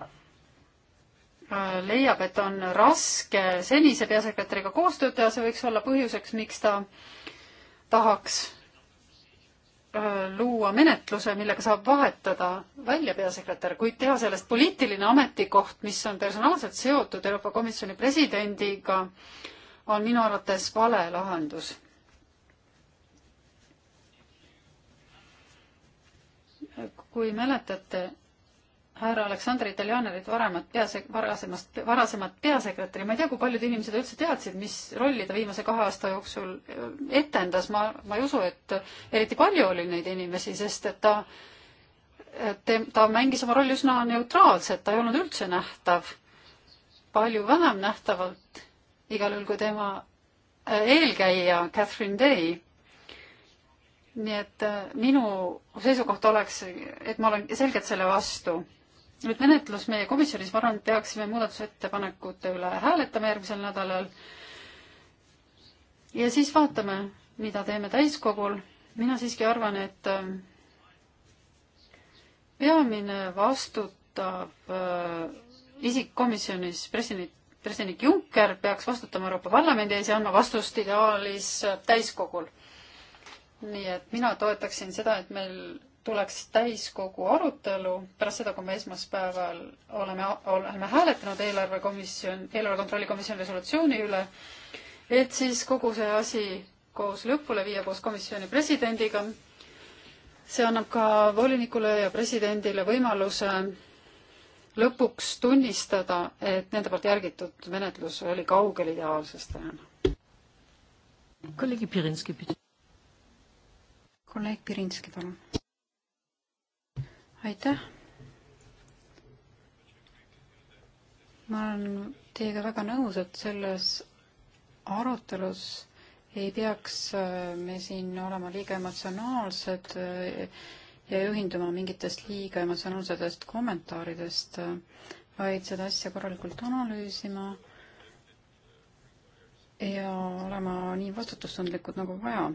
äh, leiab, et on raske senise peasekretäriga koostööd teha, see võiks olla põhjuseks, miks ta tahaks Äh, luua menetluse, millega saab vahetada välja peasekretär, kuid teha sellest poliitiline ametikoht, mis on personaalselt seotud Euroopa Komisjoni presidendiga, on minu arvates vale lahendus. kui mäletate, härra Aleksandr Italianerit varemat pease-, varasemast, varasemat peasekretäri, ma ei tea, kui paljud inimesed üldse teadsid, mis rolli ta viimase kahe aasta jooksul äh, etendas, ma, ma ei usu, et eriti palju oli neid inimesi, sest et ta, et ta mängis oma rolli üsna neutraalselt, ta ei olnud üldse nähtav, palju vähem nähtavalt igal juhul kui tema äh, eelkäija Catherine Day nii et äh, minu seisukoht oleks, et ma olen selgelt selle vastu nüüd menetlus meie komisjonis, ma arvan, et peaksime muudatusettepanekute üle hääletama järgmisel nädalal. ja siis vaatame, mida teeme täiskogul. mina siiski arvan, et ähm, peamine vastutav äh, isik komisjonis, president, president Juncker peaks vastutama Euroopa Parlamendi ees ja andma vastust ideaalis äh, täiskogul. nii et mina toetaksin seda, et meil tuleks täiskogu arutelu pärast seda, kui me esmaspäeval oleme, oleme hääletanud eelarvekomisjon, eelarve kontrolli komisjoni resolutsiooni üle, et siis kogu see asi koos lõpule viia koos komisjoni presidendiga. see annab ka volinikule ja presidendile võimaluse lõpuks tunnistada, et nende poolt järgitud menetlus oli kaugel ideaalsest vähem. kolleeg Pirinski, palun. kolleeg Pirinski, palun aitäh. ma olen teiega väga nõus, et selles arutelus ei peaks äh, me siin olema liiga emotsionaalsed äh, ja juhinduma mingitest liiga emotsionaalsetest kommentaaridest, äh, vaid seda asja korralikult analüüsima ja olema nii vastutustundlikud nagu vaja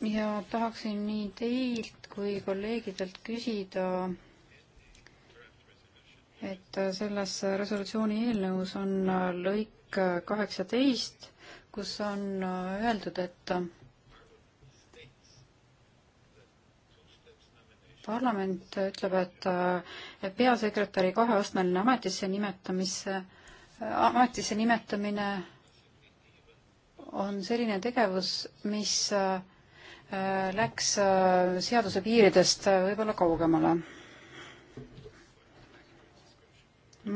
ja tahaksin nii teilt kui kolleegidelt küsida, et selles resolutsiooni eelnõus on lõik kaheksateist, kus on öeldud, et parlament ütleb, et peasekretäri kaheastmeline ametisse nimetamisse, ametisse nimetamine on selline tegevus, mis äh, Äh, läks äh, seaduse piiridest äh, võib-olla kaugemale.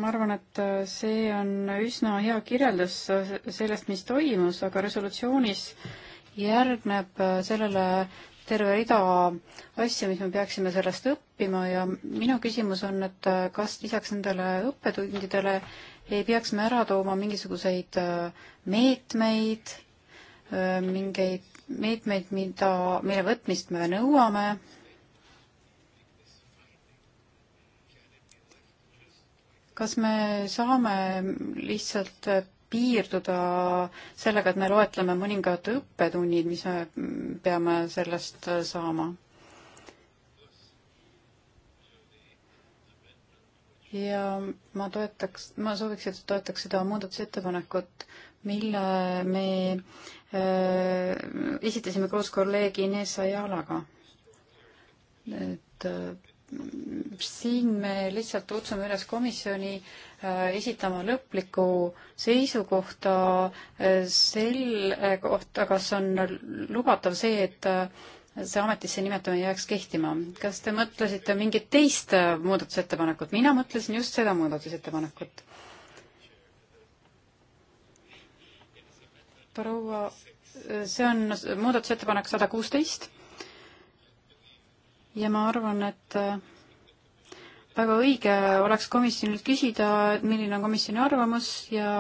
ma arvan, et see on üsna hea kirjeldus sellest, mis toimus, aga resolutsioonis järgneb sellele terve rida asju, mis me peaksime sellest õppima ja minu küsimus on, et kas lisaks nendele õppetundidele ei peaks me ära tooma mingisuguseid meetmeid, mingeid meetmeid, mida, mille võtmist me nõuame kas me saame lihtsalt piirduda sellega, et me loetleme mõningad õppetunnid, mis me peame sellest saama? ja ma toetaks, ma sooviks, et toetaks seda muudatusettepanekut, mille me öö, äh, esitasime koos kolleeg Ines Ajalaga. et öö, äh, siin me lihtsalt kutsume üles komisjoni äh, esitama lõplikku seisukohta selle kohta, kas on lubatav see, et see ametisse nimetamine jääks kehtima. kas te mõtlesite mingit teist muudatusettepanekut? mina mõtlesin just seda muudatusettepanekut proua, see on muudatusettepanek sada kuusteist ja ma arvan, et äh, väga õige oleks komisjonilt küsida, et milline on komisjoni arvamus ja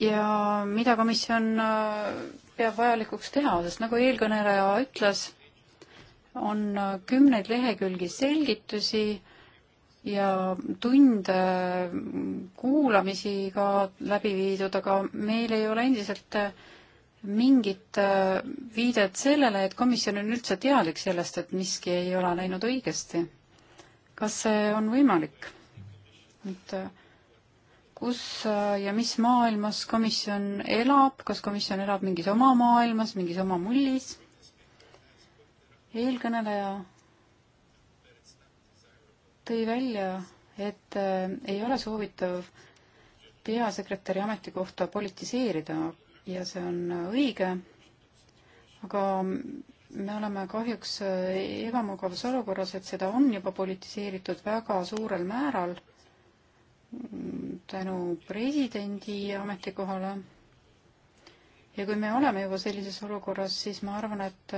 ja mida komisjon äh, peab vajalikuks teha, sest nagu eelkõneleja ütles, on äh, kümneid lehekülgi selgitusi ja tunde kuulamisi ka läbi viidud, aga meil ei ole endiselt mingit viidet sellele, et komisjon on üldse teadlik sellest, et miski ei ole läinud õigesti. kas see on võimalik? et kus ja mis maailmas komisjon elab, kas komisjon elab mingis oma maailmas, mingis oma mullis? eelkõneleja tõi välja, et äh, ei ole soovitav peasekretäri ametikohta politiseerida ja see on äh, õige, aga me oleme kahjuks äh, ebamugavas olukorras, et seda on juba politiseeritud väga suurel määral tänu presidendi ametikohale. ja kui me oleme juba sellises olukorras, siis ma arvan, et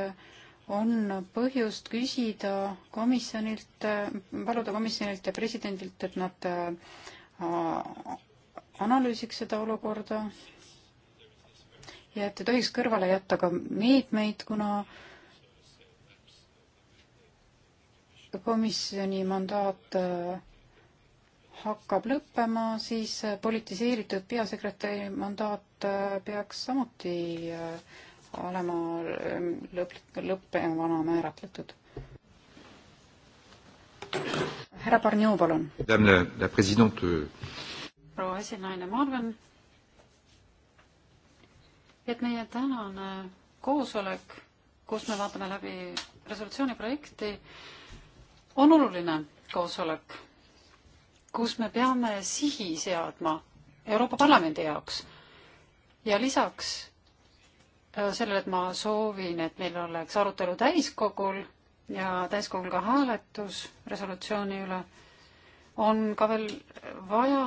on põhjust küsida komisjonilt, paluda komisjonilt ja presidendilt, et nad äh, analüüsiks seda olukorda ja et ei tohiks kõrvale jätta ka meetmeid, kuna komisjoni mandaat äh, hakkab lõppema, siis äh, politiseeritud peasekretäri mandaat peaks samuti äh, olema ähm, lõpp, lõppevana määratletud. härra Barnjou, palun. Euh, proua esinaine, ma arvan, et meie tänane koosolek, kus me vaatame läbi resolutsiooni projekti, on oluline koosolek, kus me peame sihi seadma Euroopa Parlamendi jaoks ja lisaks Äh, sellele, et ma soovin, et meil oleks arutelu täiskogul ja täiskogul ka hääletus resolutsiooni üle, on ka veel vaja,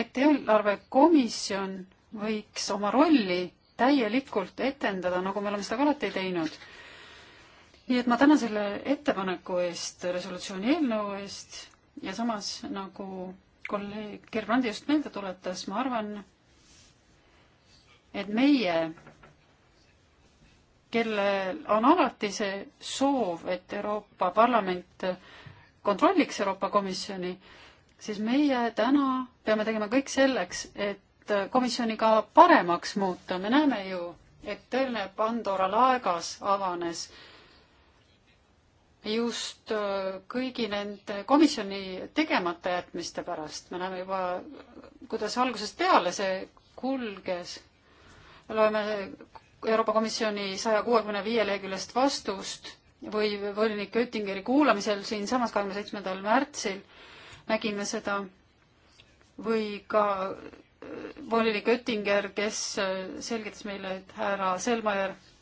et eelarvekomisjon võiks oma rolli täielikult etendada, nagu me oleme seda ka alati teinud. nii et ma tänan selle ettepaneku eest, resolutsiooni eelnõu eest ja samas, nagu kolleeg Gerbrandi just meelde tuletas, ma arvan, et meie, kellel on alati see soov, et Euroopa Parlament kontrolliks Euroopa Komisjoni, siis meie täna peame tegema kõik selleks, et komisjoni ka paremaks muuta, me näeme ju, et tõeline Pandora laegas avanes just kõigi nende komisjoni tegemata jätmiste pärast. me näeme juba, kuidas algusest peale see kulges loeme Euroopa Komisjoni saja kuuekümne viie leheküljest vastust või volinik Oettingeri kuulamisel siinsamas kahekümne seitsmendal märtsil nägime seda või ka äh, volinik Oettinger, kes äh, selgitas meile, et härra Selmajärv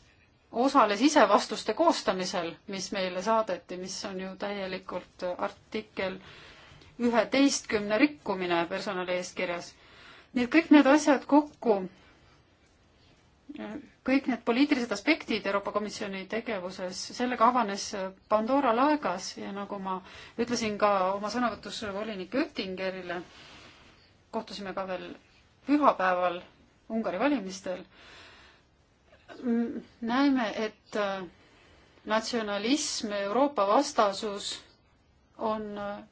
osales ise vastuste koostamisel, mis meile saadeti, mis on ju täielikult artikkel üheteistkümne rikkumine personali eeskirjas. nii et kõik need asjad kokku kõik need poliitilised aspektid Euroopa Komisjoni tegevuses, sellega avanes Pandora laegas ja nagu ma ütlesin ka oma sõnavõtus volinik Oettingerile, kohtusime ka veel pühapäeval Ungari valimistel, näeme, et äh, natsionalism, Euroopa vastasus on, äh,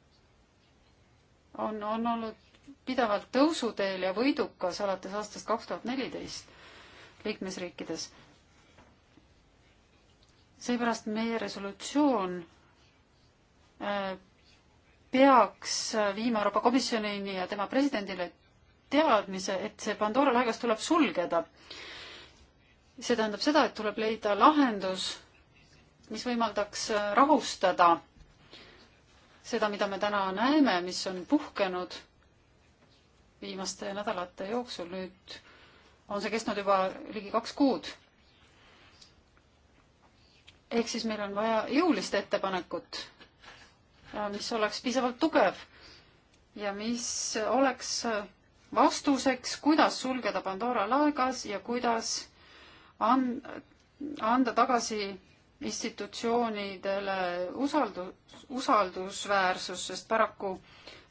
on, on olnud pidevalt tõusuteel ja võidukas alates aastast kaks tuhat neliteist liikmesriikides. seepärast meie resolutsioon äh, peaks viima Euroopa Komisjonini ja tema presidendile teadmise, et see Pandora laegas tuleb sulgeda. see tähendab seda, et tuleb leida lahendus, mis võimaldaks äh, rahustada seda, mida me täna näeme, mis on puhkenud viimaste nädalate jooksul nüüd on see kestnud juba ligi kaks kuud. ehk siis meil on vaja jõulist ettepanekut, mis oleks piisavalt tugev ja mis oleks vastuseks, kuidas sulgeda Pandora laegas ja kuidas an-, anda tagasi institutsioonidele usaldus, usaldusväärsus, sest paraku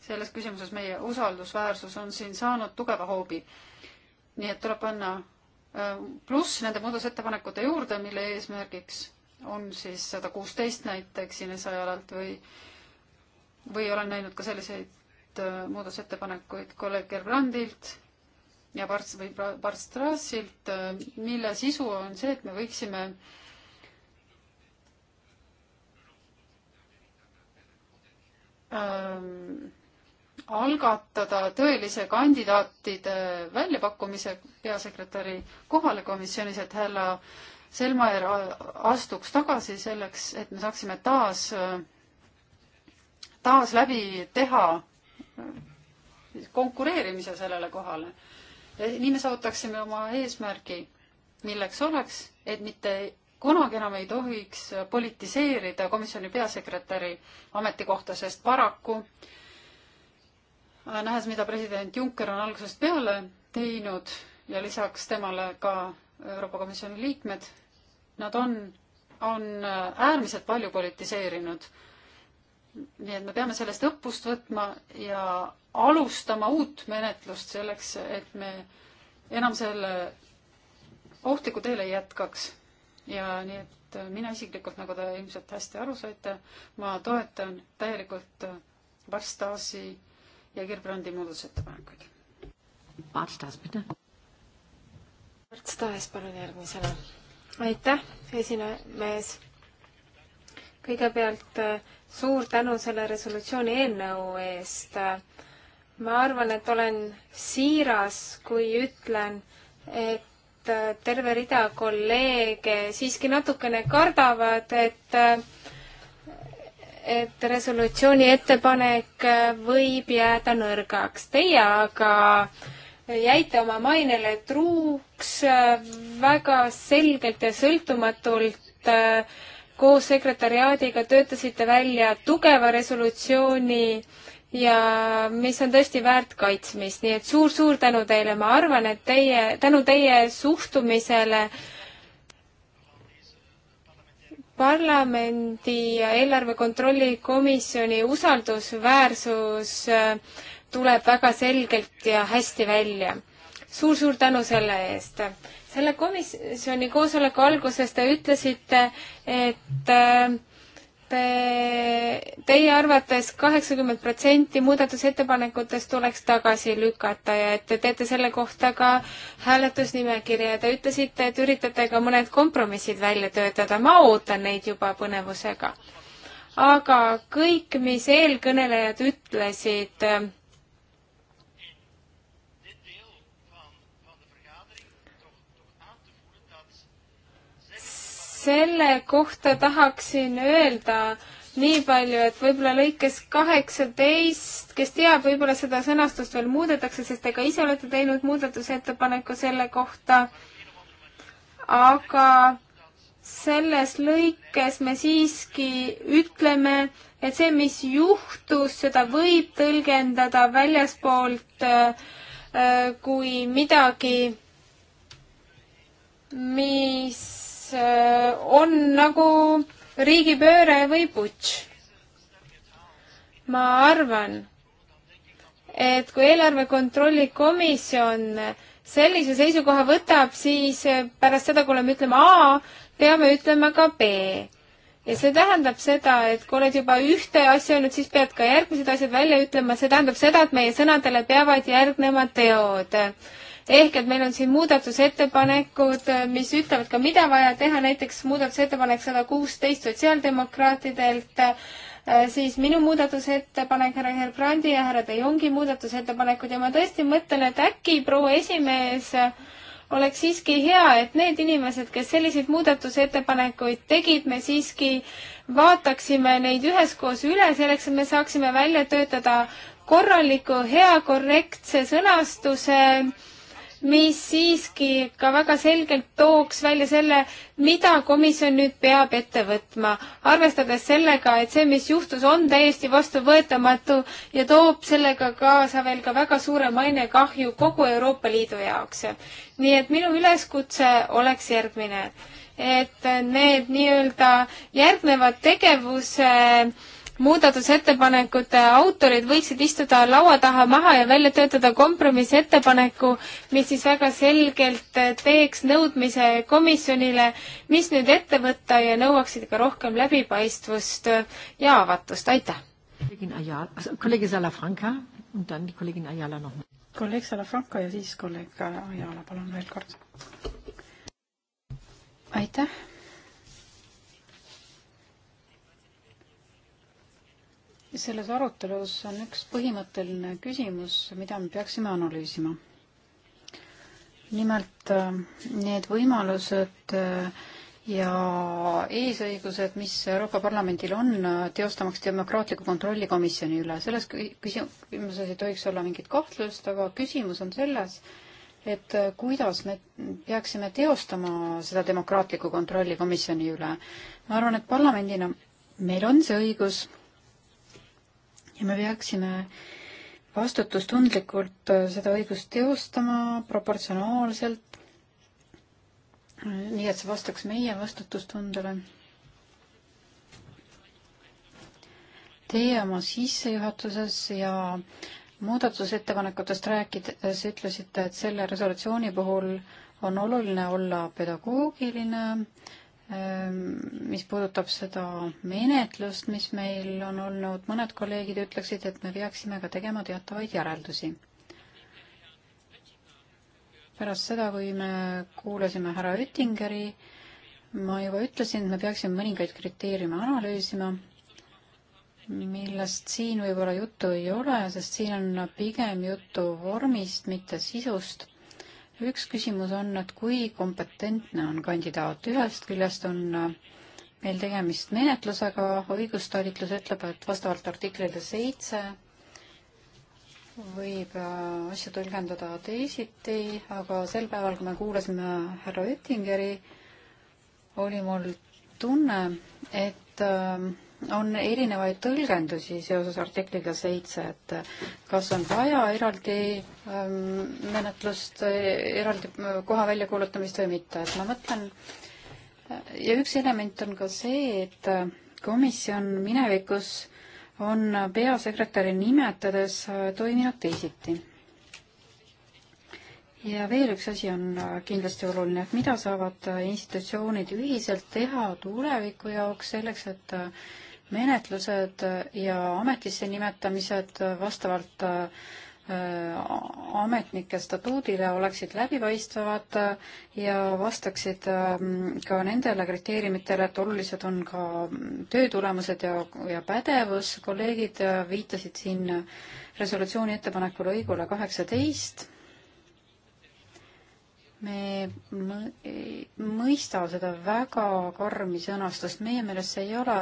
selles küsimuses meie usaldusväärsus on siin saanud tugeva hoobi nii et tuleb panna äh, pluss nende muudatusettepanekute juurde, mille eesmärgiks on siis sada kuusteist näiteks Ines Ajalalt või, või olen näinud ka selliseid äh, muudatusettepanekuid kolleeg Gerbrandilt ja Parts või Parts Strassilt, äh, mille sisu on see, et me võiksime ähm, algatada tõelise kandidaatide väljapakkumise peasekretäri kohale komisjonis, et härra Selmaer astuks tagasi selleks, et me saaksime taas, taas läbi teha konkureerimise sellele kohale. Eh, nii me saavutaksime oma eesmärgi, milleks oleks, et mitte kunagi enam ei tohiks politiseerida komisjoni peasekretäri ametikohta, sest paraku äh, nähes, mida president Juncker on algusest peale teinud ja lisaks temale ka Euroopa Komisjoni liikmed, nad on, on äärmiselt palju politiseerinud. nii et me peame sellest õppust võtma ja alustama uut menetlust selleks, et me enam selle ohtliku teele ei jätkaks. ja nii, et mina isiklikult, nagu te ilmselt hästi aru saite, ma toetan täielikult Varstasi äh, ja Gerbrandi muudatusettepanekuid. Bart Stas, mida? Bart Stas, palun järgmisena. aitäh, esimees. kõigepealt äh, suur tänu selle resolutsiooni eelnõu eest. ma arvan, et olen siiras, kui ütlen, et äh, terve rida kolleege siiski natukene kardavad, et äh, et resolutsiooni ettepanek äh, võib jääda nõrgaks. Teie aga jäite oma mainele truuks äh, väga selgelt ja sõltumatult äh, koos sekretariaadiga töötasite välja tugeva resolutsiooni ja mis on tõesti väärt kaitsmist, nii et suur-suur tänu teile, ma arvan, et teie, tänu teie suhtumisele äh, parlamendi ja eelarve kontrolli komisjoni usaldusväärsus äh, tuleb väga selgelt ja hästi välja suur,. suur-suur tänu selle eest. selle komisjoni koosoleku alguses te ütlesite, et äh, te, teie arvates kaheksakümmend protsenti muudatusettepanekutest tuleks tagasi lükata ja et te teete selle kohta ka hääletusnimekirja ja te ütlesite, et üritate ka mõned kompromissid välja töötada, ma ootan neid juba põnevusega. aga kõik, mis eelkõnelejad ütlesid äh, selle kohta tahaksin öelda nii palju, et võib-olla lõikes kaheksateist, kes teab, võib-olla seda sõnastust veel muudetakse, sest te ka ise olete teinud muudatusettepaneku selle kohta. aga selles lõikes me siiski ütleme, et see, mis juhtus, seda võib tõlgendada väljaspoolt äh, kui midagi, mis Äh, on nagu riigipööre või putš. ma arvan, et kui eelarve kontrolli komisjon sellise seisukoha võtab, siis pärast seda, kui oleme ütlema A, peame ütlema ka B. ja see tähendab seda, et kui oled juba ühte asja öelnud, siis pead ka järgmised asjad välja ütlema, see tähendab seda, et meie sõnadele peavad järgnema teod ehk et meil on siin muudatusettepanekud, mis ütlevad ka, mida vaja teha, näiteks muudatusettepanek sada kuusteist sotsiaaldemokraatidelt, äh, siis minu muudatusettepanek, härra Herbrandi ja härra De Jongi muudatusettepanekud ja ma tõesti mõtlen, et äkki proua esimees äh, oleks siiski hea, et need inimesed, kes selliseid muudatusettepanekuid tegid, me siiski vaataksime neid üheskoos üle, selleks et me saaksime välja töötada korraliku, hea, korrektse sõnastuse äh, mis siiski ka väga selgelt tooks välja selle, mida komisjon nüüd peab ette võtma, arvestades sellega, et see, mis juhtus, on täiesti vastuvõetamatu ja toob sellega kaasa veel ka väga suure mainekahju kogu Euroopa Liidu jaoks. nii et minu üleskutse oleks järgmine, et need nii-öelda järgnevad tegevuse äh, muudatusettepanekute autorid võiksid istuda laua taha maha ja välja töötada kompromissettepaneku, mis siis väga selgelt teeks nõudmise komisjonile, mis nüüd ette võtta ja nõuaksid ka rohkem läbipaistvust ja avatust, aitäh! kolleeg Salafranca ja siis kolleeg Ajala, palun veel kord. aitäh! selles arutelus on üks põhimõtteline küsimus, mida me peaksime analüüsima. nimelt äh, need võimalused äh, ja eesõigused, mis Euroopa Parlamendil on äh, teostamaks demokraatliku kontrolli komisjoni üle, selles küsimuses ei tohiks olla mingit kahtlust, aga küsimus on selles, et kuidas me peaksime teostama seda demokraatliku kontrolli komisjoni üle. ma arvan, et parlamendina meil on see õigus ja me peaksime vastutustundlikult äh, seda õigust teostama proportsionaalselt, nii et see vastaks meie vastutustundele. Teie oma sissejuhatuses ja muudatusettepanekutest rääkides ütlesite, et selle resolutsiooni puhul on oluline olla pedagoogiline äh, Ehm, mis puudutab seda menetlust, mis meil on olnud, mõned kolleegid ütleksid, et me peaksime ka tegema teatavaid järeldusi. pärast seda, kui me kuulasime härra Oettingeri, ma juba ütlesin, et me peaksime mõningaid kriteeriume analüüsima, millest siin võib-olla juttu ei ole, sest siin on pigem juttu vormist, mitte sisust üks küsimus on, et kui kompetentne on kandidaat, ühest küljest on äh, meil tegemist menetlusega, õigustalitlus ütleb, et vastavalt artiklile seitse võib äh, asju tõlgendada teisiti, aga sel päeval, kui me kuulasime härra Oettingeri, oli mul tunne, et äh, on erinevaid tõlgendusi seoses artikliga seitse, et kas on vaja eraldi ähm, menetlust, eraldi äh, koha väljakuulutamist või mitte, et ma mõtlen, äh, ja üks element on ka see, et äh, komisjon minevikus on peasekretäri nimetades toiminud teisiti. ja veel üks asi on kindlasti oluline, et mida saavad institutsioonid ühiselt teha tuleviku jaoks selleks, et menetlused ja ametisse nimetamised vastavalt äh, ametnike statuudile oleksid läbipaistvad äh, ja vastaksid ähm, ka nendele kriteeriumitele, et olulised on ka mm, töö tulemused ja, ja pädevus. kolleegid äh, viitasid siin resolutsiooni ettepanekule õigule kaheksateist me mõista seda väga karmi sõnastust, meie meelest see ei ole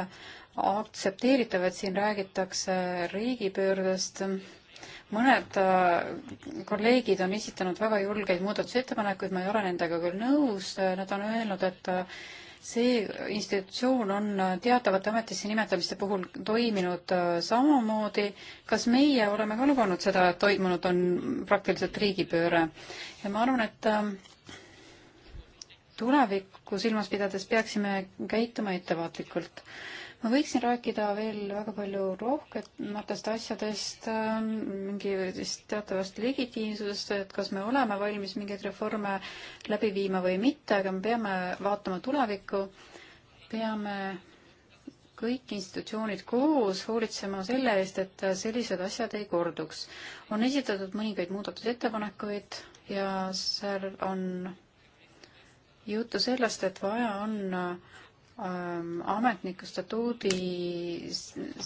aktsepteeritav, et siin räägitakse riigipöördest. mõned äh, kolleegid on esitanud väga julgeid muudatusettepanekuid, ma ei ole nendega küll nõus, nad on öelnud, et äh, see institutsioon on äh, teatavate ametisse nimetamiste puhul toiminud samamoodi. kas meie oleme ka lubanud seda, et toimunud on praktiliselt riigipööre? ja ma arvan, et tulevikku silmas pidades peaksime käituma ettevaatlikult ma võiksin rääkida veel väga palju rohkematest asjadest, ähm, mingist teatavast legitiimsusest, et kas me oleme valmis mingeid reforme läbi viima või mitte, aga me peame vaatama tulevikku, peame kõik institutsioonid koos hoolitsema selle eest, et sellised asjad ei korduks. on esitatud mõningaid muudatusettepanekuid ja seal on juttu sellest, et vaja on Ähm, ametniku statuudi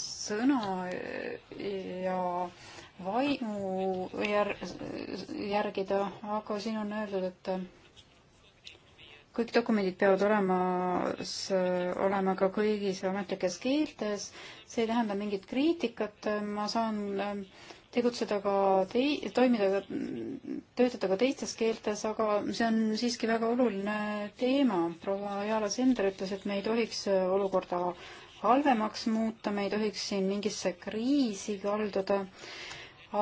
sõna e, ja vaimu jär-, järgida, aga siin on öeldud, et äh, kõik dokumendid peavad olema, olema ka kõigis ametlikes keeltes, see ei tähenda mingit kriitikat, ma saan äh, tegutseda ka tei-, toimida, töötada ka teistes keeltes, aga see on siiski väga oluline teema. proua Jaala Sender ütles, et me ei tohiks olukorda halvemaks muuta, me ei tohiks siin mingisse kriisi kalduda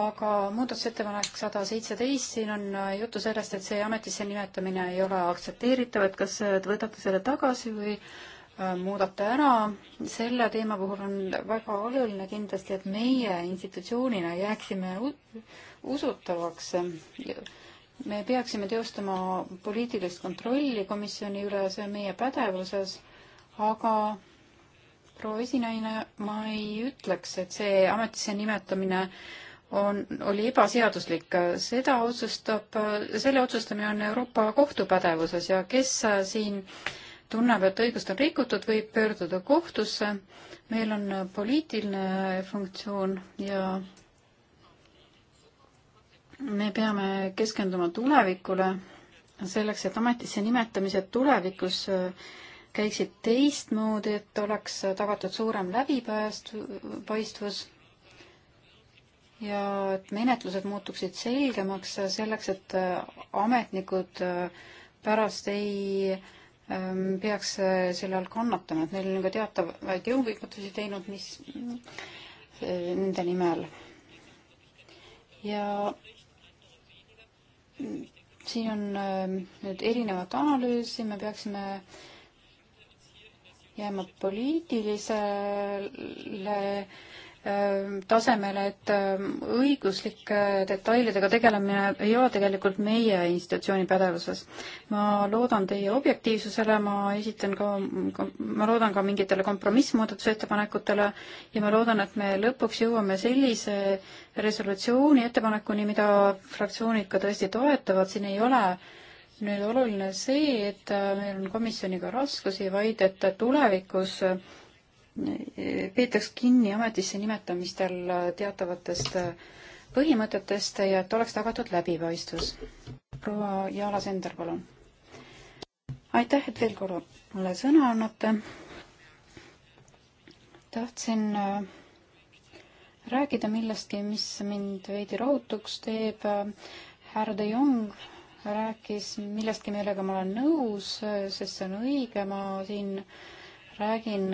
aga muudatusettepanek sada seitseteist, siin on juttu sellest, et see ametisse nimetamine ei ole aktsepteeritav, et kas võtate selle tagasi või Äh, muudate ära. selle teema puhul on väga oluline kindlasti, et meie institutsioonina jääksime usutavaks. me peaksime teostama poliitilist kontrolli komisjoni üle, see on meie pädevuses, aga proua esinaine, ma ei ütleks, et see ametisse nimetamine on, oli ebaseaduslik, seda otsustab, selle otsustamine on Euroopa Kohtu pädevuses ja kes siin äh, tunneb, et õigust on rikutud, võib pöörduda kohtusse. meil on poliitiline funktsioon ja me peame keskenduma tulevikule, selleks et ametisse nimetamised tulevikus käiksid teistmoodi, et oleks tagatud suurem läbipaistvus ja et menetlused muutuksid selgemaks selleks, et ametnikud pärast ei äh, Ehm, peaks eh, selle all kannatama, et neil on ka teatavaid jõupingutusi teinud, mis eh, nende nimel. ja mm, siin on ehm, nüüd erinevat analüüsi, me peaksime jääma poliitilisele Ehm, tasemele, et ehm, õiguslike detailidega tegelemine ei ole tegelikult meie institutsiooni pädevuses. ma loodan teie objektiivsusele, ma esitan ka, ka, ma loodan ka mingitele kompromissmuudatusettepanekutele ja ma loodan, et me lõpuks jõuame sellise resolutsiooni ettepanekuni, mida fraktsioonid ka tõesti toetavad, siin ei ole nüüd oluline see, et äh, meil on komisjoniga raskusi, vaid et tulevikus äh, peetaks kinni ametisse nimetamistel teatavatest põhimõtetest ja et oleks tagatud läbipaistvus. proua Jaala Sender, palun. aitäh, et veel kord mulle sõna annate. tahtsin äh, rääkida millestki, mis mind veidi rahutuks teeb. härra de Jong rääkis millestki, millega ma olen nõus, äh, sest see on õige, ma siin äh, räägin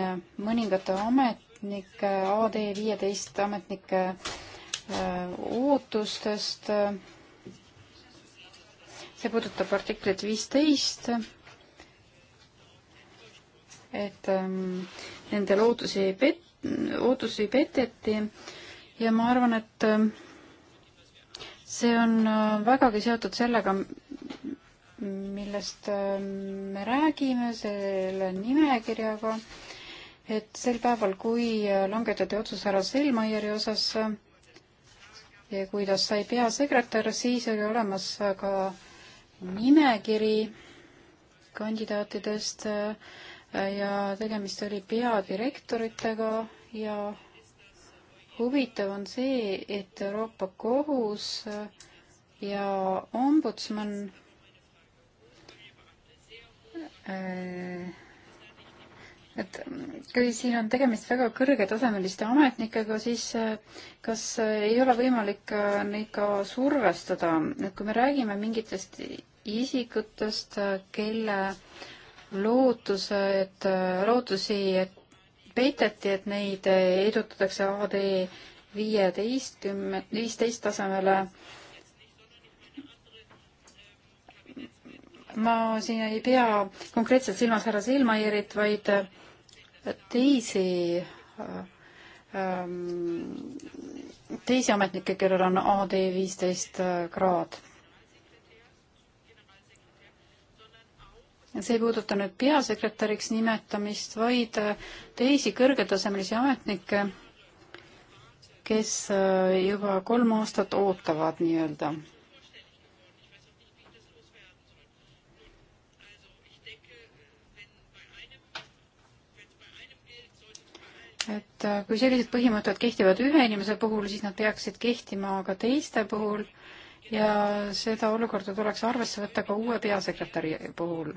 mõningate ametnike, AD viieteist ametnike äh, ootustest. see puudutab artiklit viisteist, et ähm, nende lootusi ei pet-, ootusi peteti ja ma arvan, et ähm, see on äh, vägagi seotud sellega, millest ähm, me räägime selle nimekirjaga, et sel päeval, kui äh, langetati otsus härra Selmaieri osas äh, ja kui tast sai peasekretär, siis oli olemas ka nimekiri kandidaatidest äh, ja tegemist oli peadirektoritega ja huvitav on see, et Euroopa Kohus ja ombudsman Äh, et kui siin on tegemist väga kõrgetasemeliste ametnikega, siis äh, kas äh, ei ole võimalik neid ka survestada, et kui me räägime mingitest isikutest, kelle lootused, lootusi peiteti, et neid edutatakse AD viieteistkümne, viisteist tasemele ma siin ei pea konkreetselt silmas härra Silmairit, vaid teisi ähm, teisi ametnikke, kellel on AD viisteist kraad. see ei puuduta nüüd peasekretäriks nimetamist, vaid teisi kõrgetasemelisi ametnikke, kes äh, juba kolm aastat ootavad nii-öelda et äh, kui sellised põhimõtted kehtivad ühe inimese puhul, siis nad peaksid kehtima ka teiste puhul ja seda olukorda tuleks arvesse võtta ka uue peasekretäri puhul.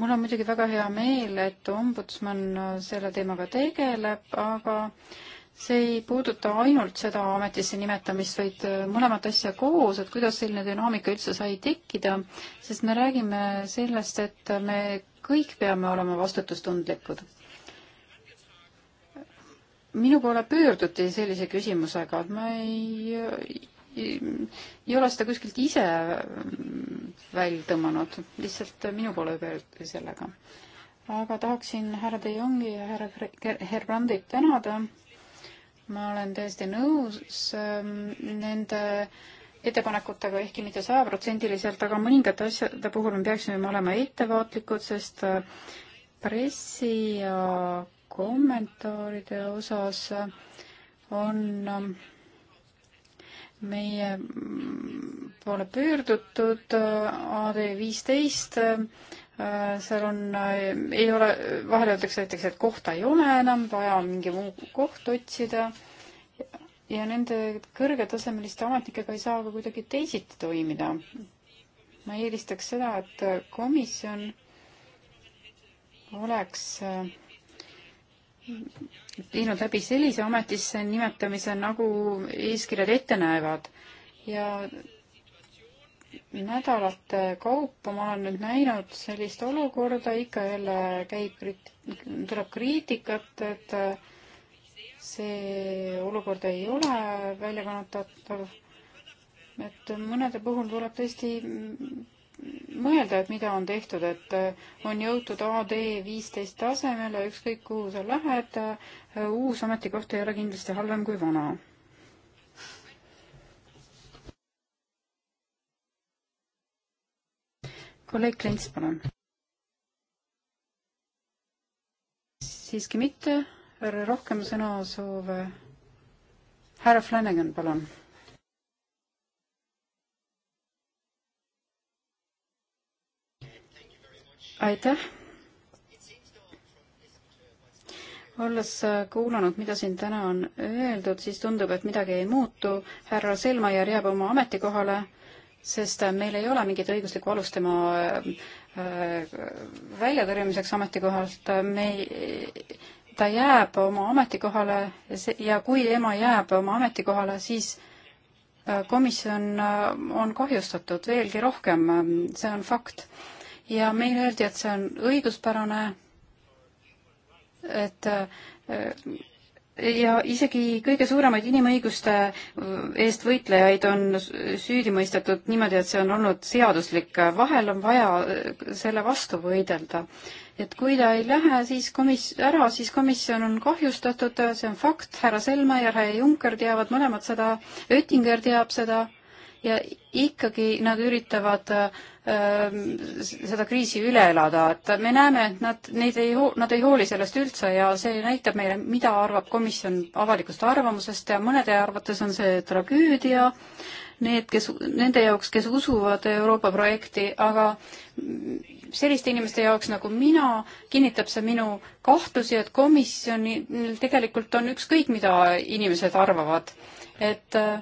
mul on muidugi väga hea meel, et ombudsman äh, selle teemaga tegeleb, aga see ei puuduta ainult seda ametisse nimetamist, vaid äh, mõlemat asja koos, et kuidas selline dünaamika üldse sai tekkida, sest me räägime sellest, et me kõik peame olema vastutustundlikud minu poole pöörduti sellise küsimusega, et ma ei, ei, ei ole seda kuskilt ise välja tõmmanud, lihtsalt minu poole pöörduti sellega. aga tahaksin härra De Jongi ja härra Herbrandit tänada. ma olen täiesti nõus ähm, nende ettepanekutega, ehkki mitte sajaprotsendiliselt, aga mõningate asjade puhul me peaksime olema ettevaatlikud, sest äh, pressi ja kommentaaride osas on ähm, meie mm, poole pöördutud äh, AD viisteist, äh, seal on, äh, ei ole, vahel öeldakse näiteks, et kohta ei ole enam, vaja on mingi muu koht otsida. ja nende kõrgetasemeliste ametnikega ei saa ka kuidagi teisiti toimida. ma eelistaks seda, et komisjon oleks äh, viinud läbi sellise ametisse nimetamise, nagu eeskirjad ette näevad ja nädalate kaupa ma olen nüüd näinud sellist olukorda, ikka jälle käib, tuleb kriitikat, et see olukord ei ole välja kannatatav. et mõnede puhul tuleb tõesti mõelda, et mida on tehtud, et äh, on jõutud AD viisteist tasemele, ükskõik kuhu sa lähed, äh, uus ametikoht ei ole kindlasti halvem kui vana. kolleeg Klints, palun. siiski mitte, rohkem sõnasoove. härra Flanagan, palun aitäh! olles kuulanud, mida siin täna on öeldud, siis tundub, et midagi ei muutu. härra Selmajärv jääb oma ametikohale, sest meil ei ole mingit õiguslikku alust tema äh, väljatõrjumiseks ametikohalt. me ei, ta jääb oma ametikohale ja kui ema jääb oma ametikohale, siis äh, komisjon äh, on kahjustatud veelgi rohkem, see on fakt ja meile öeldi, et see on õiguspärane, et äh, ja isegi kõige suuremaid inimõiguste äh, eest võitlejaid on süüdi mõistetud niimoodi, et see on olnud seaduslik. vahel on vaja äh, selle vastu võidelda. et kui ta ei lähe siis komis-, ära, siis komisjon on kahjustatud, see on fakt, härra Selme ja härra Juncker teavad mõlemad seda, Oettinger teab seda ja ikkagi nad üritavad äh, Ähm, seda kriisi üle elada, et me näeme, et nad, neid ei, nad ei hooli sellest üldse ja see näitab meile, mida arvab komisjon avalikust arvamusest ja mõnede arvates on see tragöödia, need, kes, nende jaoks, kes usuvad Euroopa projekti, aga selliste inimeste jaoks nagu mina kinnitab see minu kahtlusi, et komisjonil tegelikult on ükskõik, mida inimesed arvavad. et äh,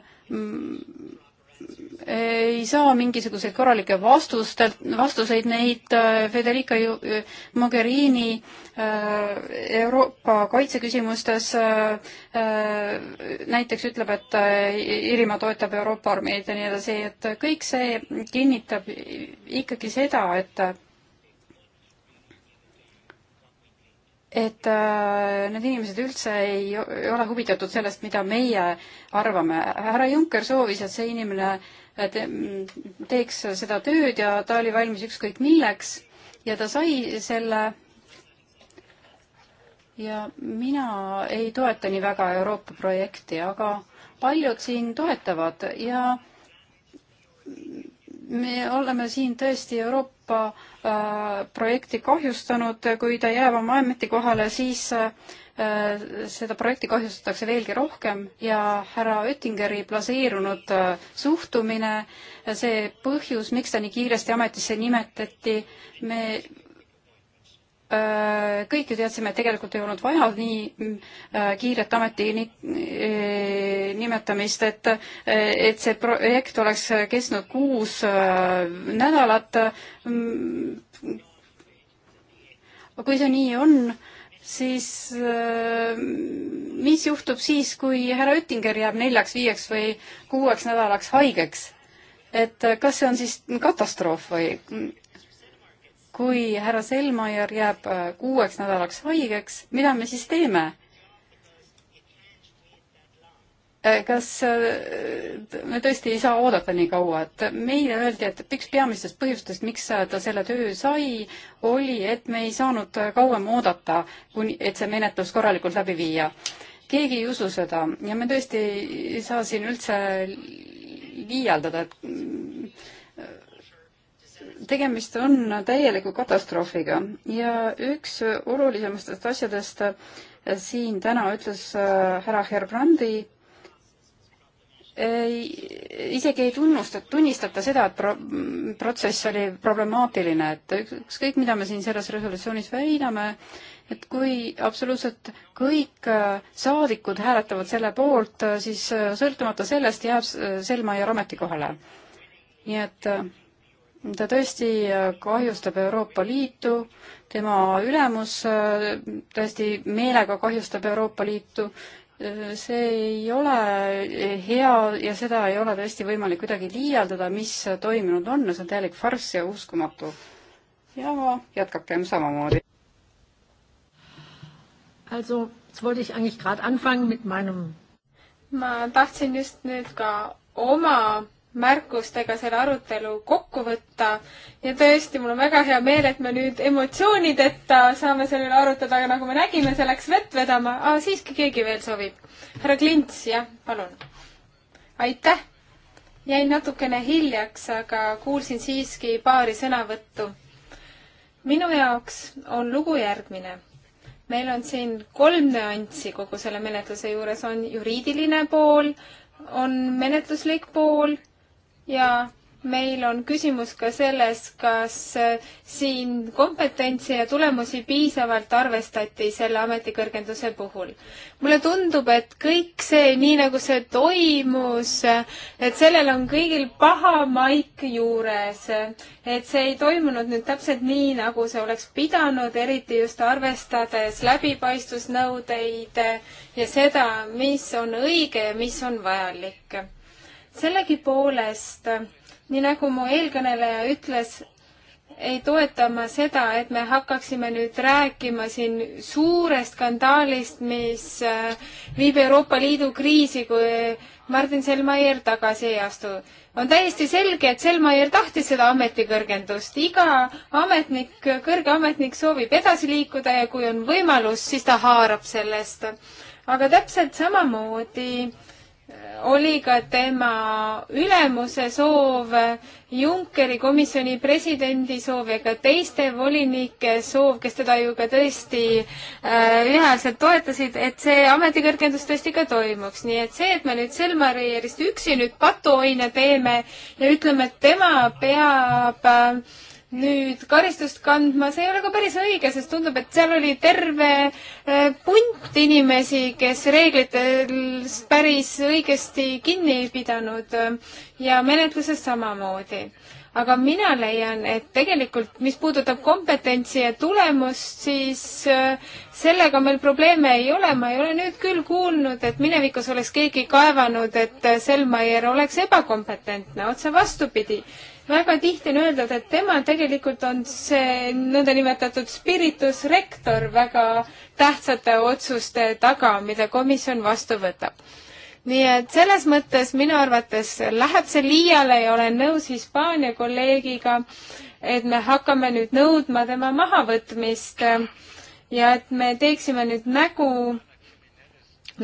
ei saa mingisuguseid korralikke vastustelt, vastuseid neid äh, Federica äh, Mogherini äh, Euroopa kaitseküsimustes näiteks ütleb, et Iirimaa toetab Euroopa armeed ja nii edasi, et kõik see kinnitab ikkagi seda, et et äh, need inimesed üldse ei, ei ole huvitatud sellest, mida meie arvame. härra Juncker soovis, et see inimene äh, te, teeks seda tööd ja ta oli valmis ükskõik milleks ja ta sai selle. ja mina ei toeta nii väga Euroopa projekti, aga paljud siin toetavad ja me oleme siin tõesti Euroopa Euroopa äh, projekti kahjustanud, kui ta jääb oma ametikohale, siis äh, seda projekti kahjustatakse veelgi rohkem ja härra Oettingeri blaseerunud äh, suhtumine, see põhjus, miks ta nii kiiresti ametisse nimetati, me kõik ju teadsime, et tegelikult ei olnud vaja nii mm, kiiret ameti nimetamist, et, et see projekt oleks kestnud kuus äh, nädalat. Mm, kui see nii on, siis äh, mis juhtub siis, kui härra Oettinger jääb neljaks, viieks või kuueks nädalaks haigeks? et kas see on siis katastroof või? kui härra Selmaier jääb äh, kuueks nädalaks haigeks, mida me siis teeme? Äh, kas äh, me tõesti ei saa oodata nii kaua, et meile öeldi, et üks peamistest põhjustest, miks ta selle töö sai, oli, et me ei saanud kauem oodata, kuni, et see menetlus korralikult läbi viia. keegi ei usu seda ja me tõesti ei saa siin üldse liialdada, et tegemist on täieliku katastroofiga ja üks olulisematest asjadest siin täna ütles äh, härra Herbrandi, isegi ei tunnusta, tunnistata seda, et pro-, protsess oli problemaatiline, et ükskõik, mida me siin selles resolutsioonis väidame, et kui absoluutselt kõik äh, saadikud hääletavad selle poolt, äh, siis äh, sõltumata sellest jääb Selmaier ametikohale. nii et ta tõesti kahjustab Euroopa Liitu, tema ülemus tõesti meelega kahjustab Euroopa Liitu see ei ole hea ja seda ei ole tõesti võimalik kuidagi liialdada, mis toimunud on, see on täielik farss ja uskumatu. ja jätkakem samamoodi. Also, jetzt wollte ich eigentlich gerade anfangen mit meinem ma tahtsin just nüüd ka oma märkustega selle arutelu kokku võtta. ja tõesti, mul on väga hea meel, et me nüüd emotsioonideta saame selle üle arutada, aga nagu me nägime, see läks vett vedama ah,. siiski keegi veel soovib. härra Klints, jah, palun. aitäh! jäin natukene hiljaks, aga kuulsin siiski paari sõnavõttu. minu jaoks on lugu järgmine meil on siin kolm nüanssi kogu selle menetluse juures, on juriidiline pool, on menetluslik pool ja meil on küsimus ka selles, kas äh, siin kompetentsi ja tulemusi piisavalt arvestati selle ametikõrgenduse puhul. mulle tundub, et kõik see, nii nagu see toimus, et sellel on kõigil paha maik juures. et see ei toimunud nüüd täpselt nii, nagu see oleks pidanud, eriti just arvestades läbipaistvusnõudeid ja seda, mis on õige ja mis on vajalik sellegipoolest, nii nagu mu eelkõneleja ütles, ei toeta ma seda, et me hakkaksime nüüd rääkima siin suurest skandaalist, mis äh, viib Euroopa Liidu kriisi, kui Martin Selmaier tagasi ei astu. on täiesti selge, et Selmaier tahtis seda ametikõrgendust. iga ametnik, kõrge ametnik soovib edasi liikuda ja kui on võimalus, siis ta haarab sellest. aga täpselt samamoodi äh, oli ka tema ülemuse soov, Junckeri komisjoni presidendi soov ja ka teiste volinike soov, kes teda ju ka tõesti äh, ühehäälselt toetasid, et see ametikõrgendus tõesti ka toimuks. nii et see, et me nüüd Selmarierist üksi nüüd patuoina teeme ja ütleme, et tema peab äh, nüüd karistust kandma, see ei ole ka päris õige, sest tundub, et seal oli terve eh, punt inimesi, kes reeglitest päris õigesti kinni ei pidanud eh, ja menetluses samamoodi. aga mina leian, et tegelikult, mis puudutab kompetentsi ja tulemust, siis eh, sellega meil probleeme ei ole, ma ei ole nüüd küll kuulnud, et minevikus oleks keegi kaevanud, et Selmaier oleks ebakompetentne, otse vastupidi väga tihti on öeldud, et tema tegelikult on see nõndanimetatud spiritus rector väga tähtsate otsuste taga, mida komisjon vastu võtab. nii et selles mõttes minu arvates läheb see liiale ja olen nõus Hispaania kolleegiga, et me hakkame nüüd nõudma tema mahavõtmist ja et me teeksime nüüd nägu,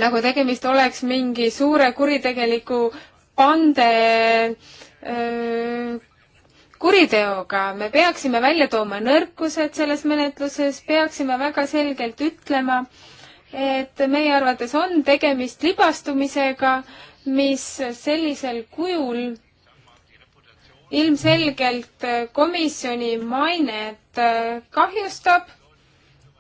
nagu tegemist oleks mingi suure kuritegeliku pande äh, kuriteoga, me peaksime välja tooma nõrkused selles menetluses, peaksime väga selgelt ütlema, et meie arvates on tegemist libastumisega, mis sellisel kujul ilmselgelt komisjoni mainet kahjustab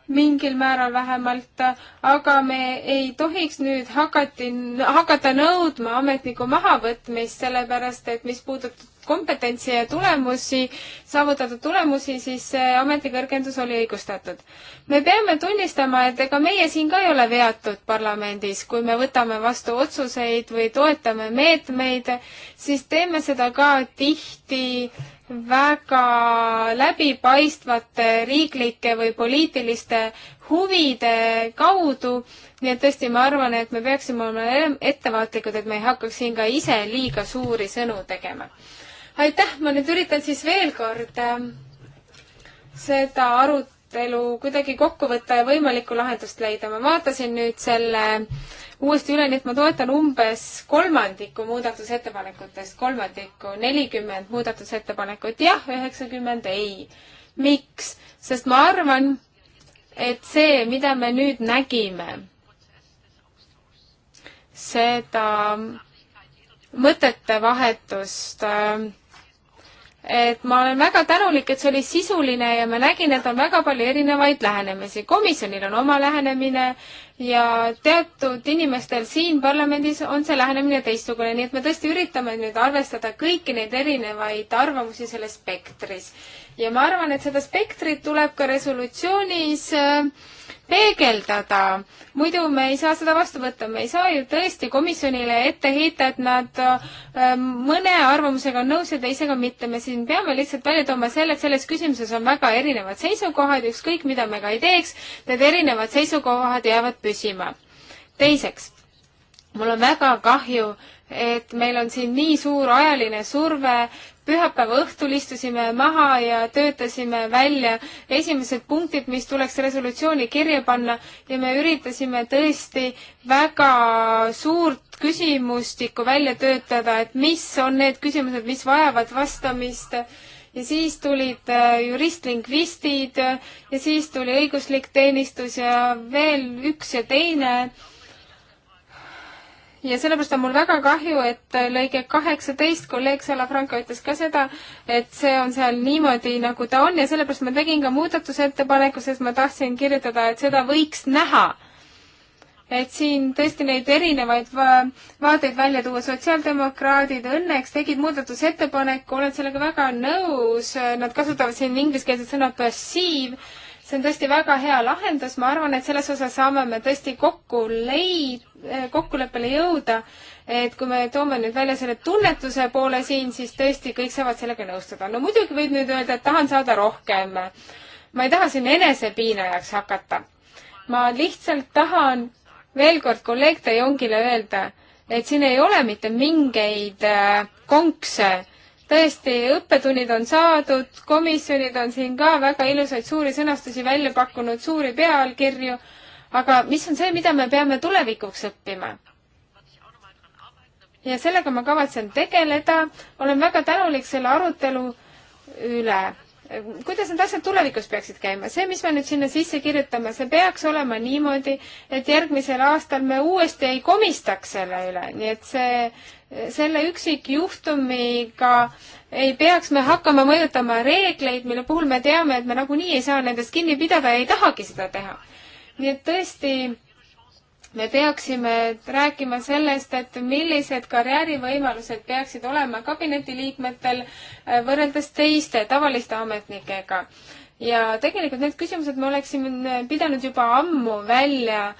mingil määral vähemalt, aga me ei tohiks nüüd hakati, hakata nõudma ametniku mahavõtmist, sellepärast et mis puudutab kompetentsi ja tulemusi, saavutatud tulemusi, siis see ametikõrgendus oli õigustatud. me peame tunnistama, et ega meie siin ka ei ole veatud parlamendis, kui me võtame vastu otsuseid või toetame meetmeid, siis teeme seda ka tihti äh, väga läbipaistvate riiklike või poliitiliste huvide kaudu. nii et tõesti, ma arvan, et me peaksime olema ettevaatlikud, et me ei hakkaks siin ka ise liiga suuri sõnu tegema. aitäh, ma nüüd üritan siis veel kord ähm, seda arut-, arutelu kuidagi kokku võtta ja võimalikku lahendust leida. ma vaatasin nüüd selle uuesti üle, nii et ma toetan umbes kolmandikku muudatusettepanekutest, kolmandikku, nelikümmend muudatusettepanekut, jah, üheksakümmend ei. miks? sest ma arvan, et see, mida me nüüd nägime, seda mõtete vahetust äh, et ma olen väga tänulik, et see oli sisuline ja ma nägin, et on väga palju erinevaid lähenemisi. komisjonil on oma lähenemine ja teatud inimestel siin parlamendis on see lähenemine teistsugune, nii et me tõesti üritame nüüd arvestada kõiki neid erinevaid arvamusi selles spektris. ja ma arvan, et seda spektrit tuleb ka resolutsioonis äh, peegeldada. muidu me ei saa seda vastu võtta, me ei saa ju tõesti komisjonile ette heita, et nad ähm, mõne arvamusega on nõus ja teisega mitte. me siin peame lihtsalt välja tooma selle, et selles küsimuses on väga erinevad seisukohad, ükskõik mida me ka ei teeks, need erinevad seisukohad jäävad püsima. teiseks, mul on väga kahju, et meil on siin nii suur ajaline surve, pühapäeva õhtul istusime maha ja töötasime välja esimesed punktid, mis tuleks resolutsiooni kirja panna ja me üritasime tõesti väga suurt küsimustikku välja töötada, et mis on need küsimused, mis vajavad vastamist ja siis tulid äh, juristlingvistid ja siis tuli õiguslik teenistus ja veel üks ja teine ja sellepärast on mul väga kahju, et lõige kaheksateist, kolleeg Salafranco ütles ka seda, et see on seal niimoodi, nagu ta on ja sellepärast ma tegin ka muudatusettepaneku, sest ma tahtsin kirjutada, et seda võiks näha. et siin tõesti neid erinevaid va vaateid välja tuua. sotsiaaldemokraadid õnneks tegid muudatusettepaneku, olen sellega väga nõus, nad kasutavad siin ingliskeelset sõna perceive see on tõesti väga hea lahendus, ma arvan, et selles osas saame me tõesti kokku leid-, eh, kokkuleppele jõuda, et kui me toome nüüd välja selle tunnetuse poole siin, siis tõesti kõik saavad sellega nõustuda. no muidugi võib nüüd öelda, et tahan saada rohkem. ma ei taha siin enesepiinajaks hakata. ma lihtsalt tahan veel kord kolleeg Dejongile öelda, et siin ei ole mitte mingeid eh, konkse tõesti, õppetunnid on saadud, komisjonid on siin ka väga ilusaid suuri sõnastusi välja pakkunud, suuri pealkirju, aga mis on see, mida me peame tulevikuks õppima? ja sellega ma kavatsen tegeleda, olen väga tänulik selle arutelu üle. kuidas need asjad tulevikus peaksid käima, see, mis me nüüd sinna sisse kirjutame, see peaks olema niimoodi, et järgmisel aastal me uuesti ei komistaks selle üle, nii et see selle üksikjuhtumiga ei peaks me hakkama mõjutama reegleid, mille puhul me teame, et me nagunii ei saa nendest kinni pidada ja ei tahagi seda teha. nii et tõesti, me peaksime rääkima sellest, et millised karjäärivõimalused peaksid olema kabinetiliikmetel äh, võrreldes teiste tavaliste ametnikega. ja tegelikult need küsimused me oleksime pidanud juba ammu välja äh,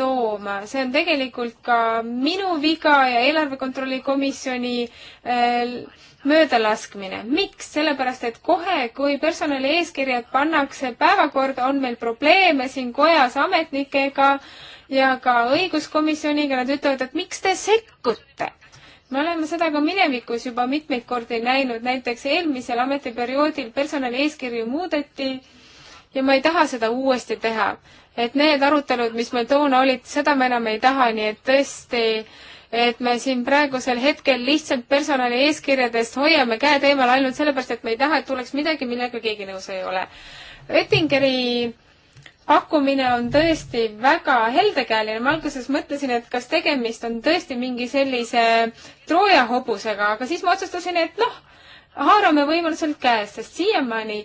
tooma. see on tegelikult ka minu viga ja eelarve kontrolli komisjoni äh, möödalaskmine. miks? sellepärast, et kohe, kui personali eeskirjad pannakse päevakorda, on meil probleeme siin kojas ametnikega ja ka õiguskomisjoniga, nad ütlevad, et miks te sekkute me oleme seda ka minevikus juba mitmeid kordi näinud, näiteks eelmisel ametiperioodil personali eeskirju muudeti ja ma ei taha seda uuesti teha et need arutelud, mis meil toona olid, seda me enam ei taha, nii et tõesti, et me siin praegusel hetkel lihtsalt personali eeskirjadest hoiame käed eemal ainult sellepärast, et me ei taha, et tuleks midagi, millega keegi nõus ei ole. Oettingeri pakkumine on tõesti väga heldekäeline, ma alguses mõtlesin, et kas tegemist on tõesti mingi sellise Trooja hobusega, aga siis ma otsustasin, et noh, haarame võimaluselt käest, sest siiamaani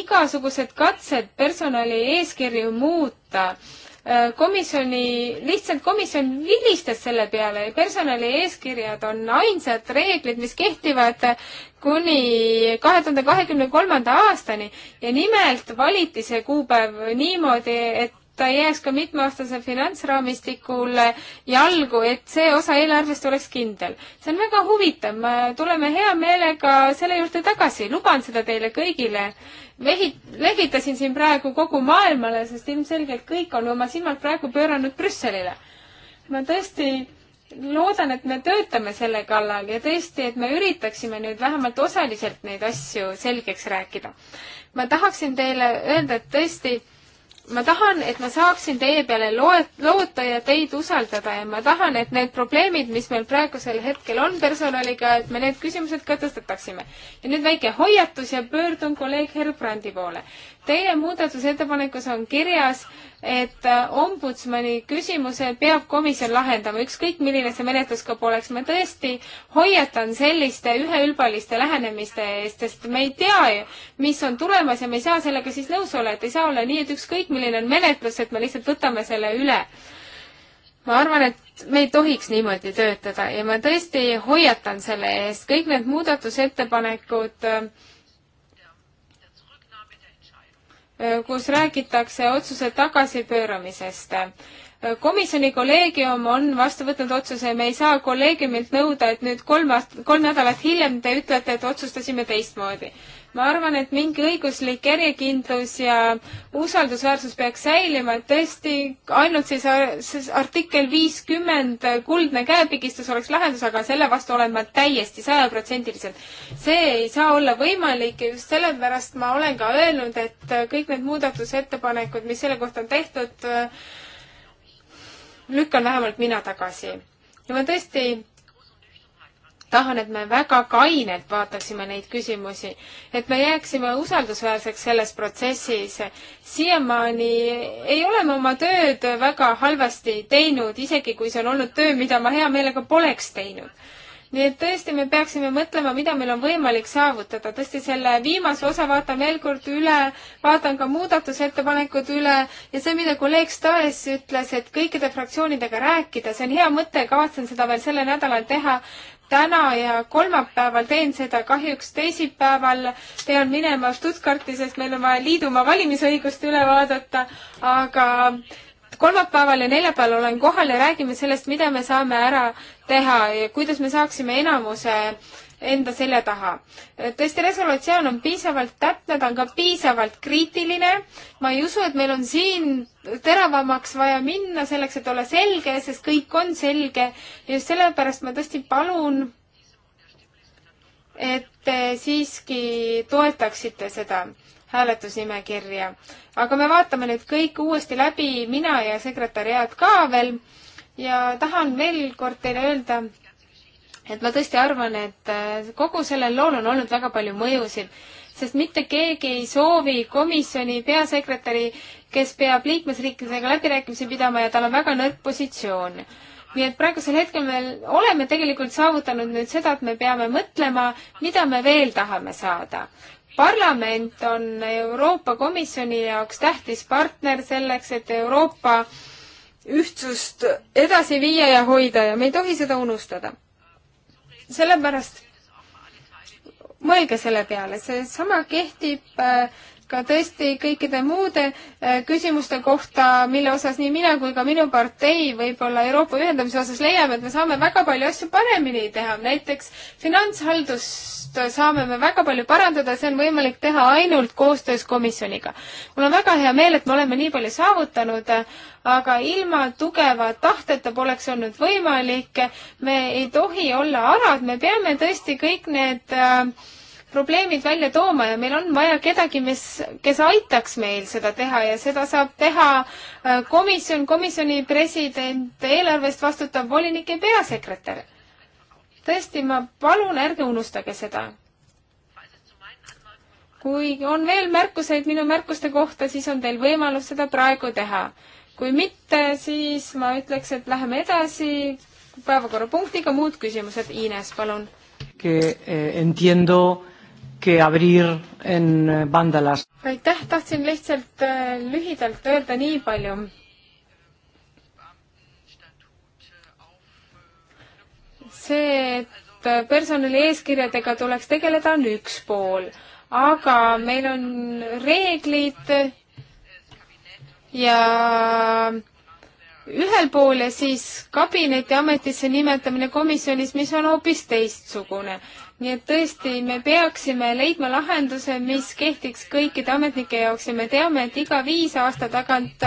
igasugused katsed personali eeskirju muuta, äh, komisjoni, lihtsalt komisjon vilistas selle peale ja personali eeskirjad on ainsad reeglid, mis kehtivad kuni kahe tuhande kahekümne kolmanda aastani ja nimelt valiti see kuupäev niimoodi, et ta ei jääks ka mitmeaastase finantsraamistikule jalgu, et see osa eelarvest oleks kindel. see on väga huvitav, me tuleme hea meelega selle juurde tagasi, luban seda teile kõigile. Vehi-, lehvitasin siin praegu kogu maailmale, sest ilmselgelt kõik on oma silmad praegu pööranud Brüsselile. ma tõesti loodan, et me töötame selle kallal ja tõesti, et me üritaksime nüüd vähemalt osaliselt neid asju selgeks rääkida. ma tahaksin teile öelda, et tõesti, ma tahan, et ma saaksin teie peale loet-, loota ja teid usaldada ja ma tahan, et need probleemid, mis meil praegusel hetkel on personaliga, et me need küsimused ka tõstataksime. ja nüüd väike hoiatus ja pöördun kolleeg Herbrandi poole. Teie muudatusettepanekus on kirjas, et äh, ombudsmani küsimuse peab komisjon lahendama, ükskõik milline see menetlus ka poleks. ma tõesti hoiatan selliste üheülbaliste lähenemiste eest, sest me ei tea ju, mis on tulemas ja me ei saa sellega siis nõus olla, et ei saa olla nii, et ükskõik milline on menetlus, et me lihtsalt võtame selle üle. ma arvan, et me ei tohiks niimoodi töötada ja ma tõesti hoiatan selle eest, kõik need muudatusettepanekud äh, Äh, kus räägitakse otsuse tagasipööramisest. Äh, komisjoni kolleegium on vastu võtnud otsuse, me ei saa kolleegiumilt nõuda, et nüüd kolm aastat, kolm nädalat hiljem te ütlete, et otsustasime teistmoodi ma arvan, et mingi õiguslik järjekindlus ja usaldusväärsus peaks säilima, et tõesti ainult siis, siis artikkel viiskümmend kuldne käepigistus oleks lahendus, aga selle vastu olen ma täiesti sajaprotsendiliselt. see ei saa olla võimalik ja just sellepärast ma olen ka öelnud, et kõik need muudatusettepanekud, mis selle kohta on tehtud, lükkan vähemalt mina tagasi. ja ma tõesti tahan, et me väga kainelt vaataksime neid küsimusi, et me jääksime usaldusväärseks selles protsessis. siiamaani ei ole me oma tööd väga halvasti teinud, isegi kui see on olnud töö, mida ma hea meelega poleks teinud nii et tõesti, me peaksime mõtlema, mida meil on võimalik saavutada. tõesti, selle viimase osa vaatan veel kord üle, vaatan ka muudatusettepanekud üle ja see, mida kolleeg Staes ütles, et kõikide fraktsioonidega rääkida, see on hea mõte, kavatsen seda veel sellel nädalal teha täna ja kolmapäeval, teen seda kahjuks teisipäeval, pean minema Stuttgarti, sest meil on vaja liidumaa valimisõigust üle vaadata, aga kolmapäeval ja neljapäeval olen kohal ja räägime sellest, mida me saame ära teha ja kuidas me saaksime enamuse äh, enda selja taha. tõesti, resolutsioon on piisavalt täpne, ta on ka piisavalt kriitiline. ma ei usu, et meil on siin teravamaks vaja minna selleks, et olla selge, sest kõik on selge. just sellepärast ma tõesti palun, et te siiski toetaksite seda hääletusnimekirja. aga me vaatame nüüd kõik uuesti läbi, mina ja sekretäriaat ka veel ja tahan veel kord teile öelda, et ma tõesti arvan, et äh, kogu sellel lool on olnud väga palju mõjusid, sest mitte keegi ei soovi komisjoni peasekretäri, kes peab liikmesriikidega läbirääkimisi pidama ja tal on väga nõrk positsioon. nii et praegusel hetkel me oleme tegelikult saavutanud nüüd seda, et me peame mõtlema, mida me veel tahame saada parlament on Euroopa Komisjoni jaoks tähtis partner selleks, et Euroopa ühtsust edasi viia ja hoida ja me ei tohi seda unustada sellepärast mõelge selle peale, seesama kehtib äh, ka tõesti kõikide muude äh, küsimuste kohta, mille osas nii mina kui ka minu partei võib-olla Euroopa ühendamise osas leiame, et me saame väga palju asju paremini teha, näiteks finantshaldust saame me väga palju parandada, see on võimalik teha ainult koostöös komisjoniga. mul on väga hea meel, et me oleme nii palju saavutanud, aga ilma tugeva tahteta poleks olnud võimalik, me ei tohi olla arad, me peame tõesti kõik need äh, probleemid välja tooma ja meil on vaja kedagi, mis, kes aitaks meil seda teha ja seda saab teha äh, komisjon, komisjoni president, eelarvest vastutav volinik ja peasekretär. tõesti, ma palun, ärge unustage seda. kui on veel märkuseid minu märkuste kohta, siis on teil võimalus seda praegu teha. kui mitte, siis ma ütleks, et läheme edasi päevakorrapunktiga, muud küsimused. Ines, palun. que eh, entiendo Eh, aitäh, tahtsin lihtsalt eh, lühidalt öelda nii palju. see, et eh, personali eeskirjadega tuleks tegeleda, on üks pool, aga meil on reeglid ja ühel pool ja siis kabineti ametisse nimetamine komisjonis, mis on hoopis teistsugune nii et tõesti, me peaksime leidma lahenduse, mis kehtiks kõikide ametnike jaoks ja me teame, et iga viis aasta tagant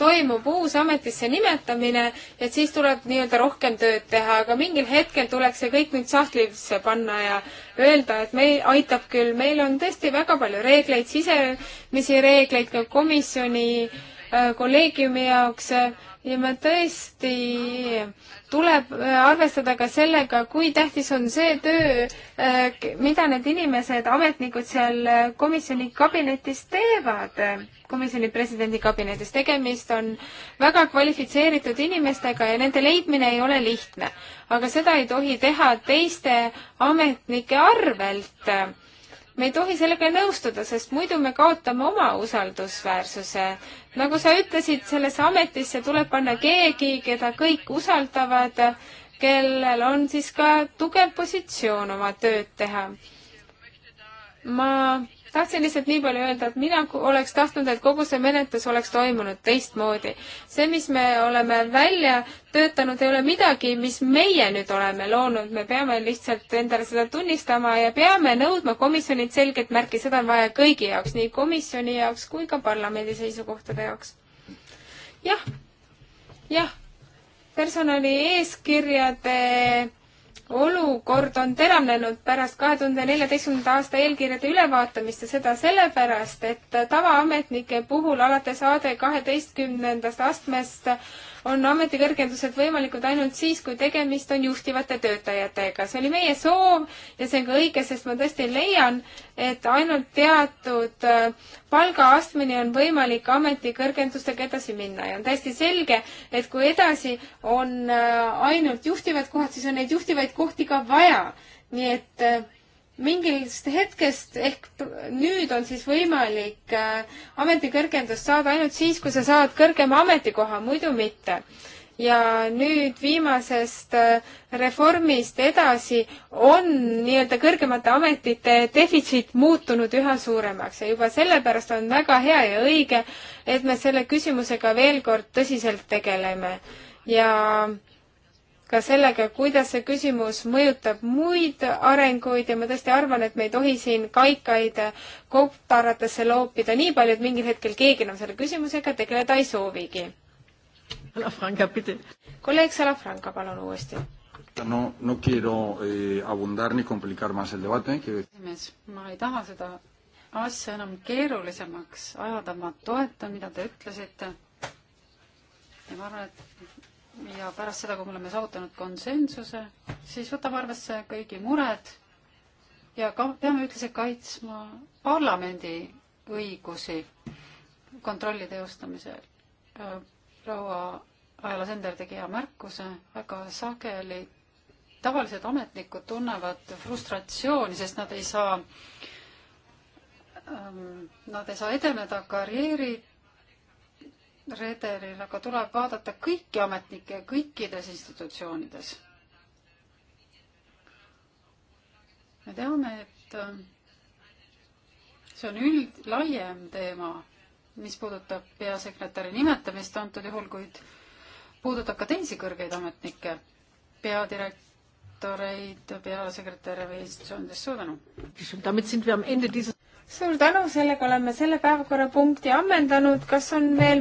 toimub uus ametisse nimetamine, et siis tuleb nii-öelda rohkem tööd teha, aga mingil hetkel tuleks see kõik nüüd sahtlisse panna ja öelda, et meil aitab küll, meil on tõesti väga palju reegleid, sisemisi reegleid ka komisjoni äh, kolleegiumi jaoks ja me tõesti, tuleb äh, arvestada ka sellega, kui tähtis on see töö, äh, mida need inimesed, ametnikud seal äh, komisjoni kabinetis teevad, komisjoni presidendi kabinetis. tegemist on väga kvalifitseeritud inimestega ja nende leidmine ei ole lihtne. aga seda ei tohi teha teiste ametnike arvelt me ei tohi sellega nõustuda, sest muidu me kaotame oma usaldusväärsuse. nagu sa ütlesid, sellesse ametisse tuleb panna keegi, keda kõik usaldavad, kellel on siis ka tugev positsioon oma tööd teha. ma tahtsin lihtsalt nii palju öelda, et mina oleks tahtnud, et kogu see menetlus oleks toimunud teistmoodi. see, mis me oleme välja töötanud, ei ole midagi, mis meie nüüd oleme loonud, me peame lihtsalt endale seda tunnistama ja peame nõudma komisjonilt selget märki, seda on vaja kõigi jaoks, nii komisjoni jaoks kui ka parlamendi seisukohtade jaoks ja,. jah, jah, personali eeskirjade olukord on teravnenud pärast kahe tuhande neljateistkümnenda aasta eelkirjade ülevaatamist ja seda sellepärast, et tavaametnike puhul alates AD kaheteistkümnendast astmest on ametikõrgendused võimalikud ainult siis, kui tegemist on juhtivate töötajatega. see oli meie soov ja see on ka õige, sest ma tõesti leian, et ainult teatud äh, palgaastmeni on võimalik ametikõrgendustega edasi minna ja on täiesti selge, et kui edasi on äh, ainult juhtivad kohad, siis on neid juhtivaid kohti ka vaja. nii et äh, mingist hetkest ehk nüüd on siis võimalik äh, ametikõrgendust saada ainult siis, kui sa saad kõrgema ametikoha, muidu mitte. ja nüüd viimasest äh, reformist edasi on nii-öelda kõrgemate ametite defitsiit muutunud üha suuremaks ja juba sellepärast on väga hea ja õige, et me selle küsimusega veel kord tõsiselt tegeleme ja ka sellega, kuidas see küsimus mõjutab muid arenguid ja ma tõesti arvan, et me ei tohi siin kaikaid kohtaratesse loopida nii palju, et mingil hetkel keegi enam selle küsimusega tegeleda ei soovigi. kolleeg Salafranca, palun uuesti. No, no quiero eh, abundar ni complicar más el debate. Que... ma ei taha seda asja enam keerulisemaks ajada, ma toetan, mida te ütlesite. ja ma arvan, et ja pärast seda, kui me oleme saavutanud konsensuse, siis võtame arvesse kõigi mured ja ka peame ühtlasi kaitsma parlamendi õigusi kontrolli teostamisel. Äh, proua Aela Sender tegi hea märkuse, väga sageli tavalised ametnikud tunnevad frustratsiooni, sest nad ei saa, ähm, nad ei saa edeneda karjääri redelil, aga tuleb vaadata kõiki ametnikke kõikides institutsioonides. me teame, et äh, see on üld, laiem teema, mis puudutab peasekretäri nimetamist antud juhul, kuid puudutab ka teisi kõrgeid ametnikke, peadirektoreid, peasekretäre või institutsioonidest. suur tänu! suur tänu, sellega oleme selle päevakorrapunkti ammendanud. kas on veel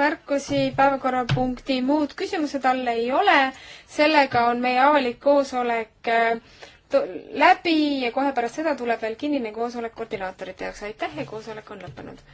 märkusi päevakorrapunkti muud küsimused all ei ole? sellega on meie avalik koosolek äh, läbi ja kohe pärast seda tuleb veel kinnine koosolek koordinaatorite jaoks. aitäh ja koosolek on lõppenud.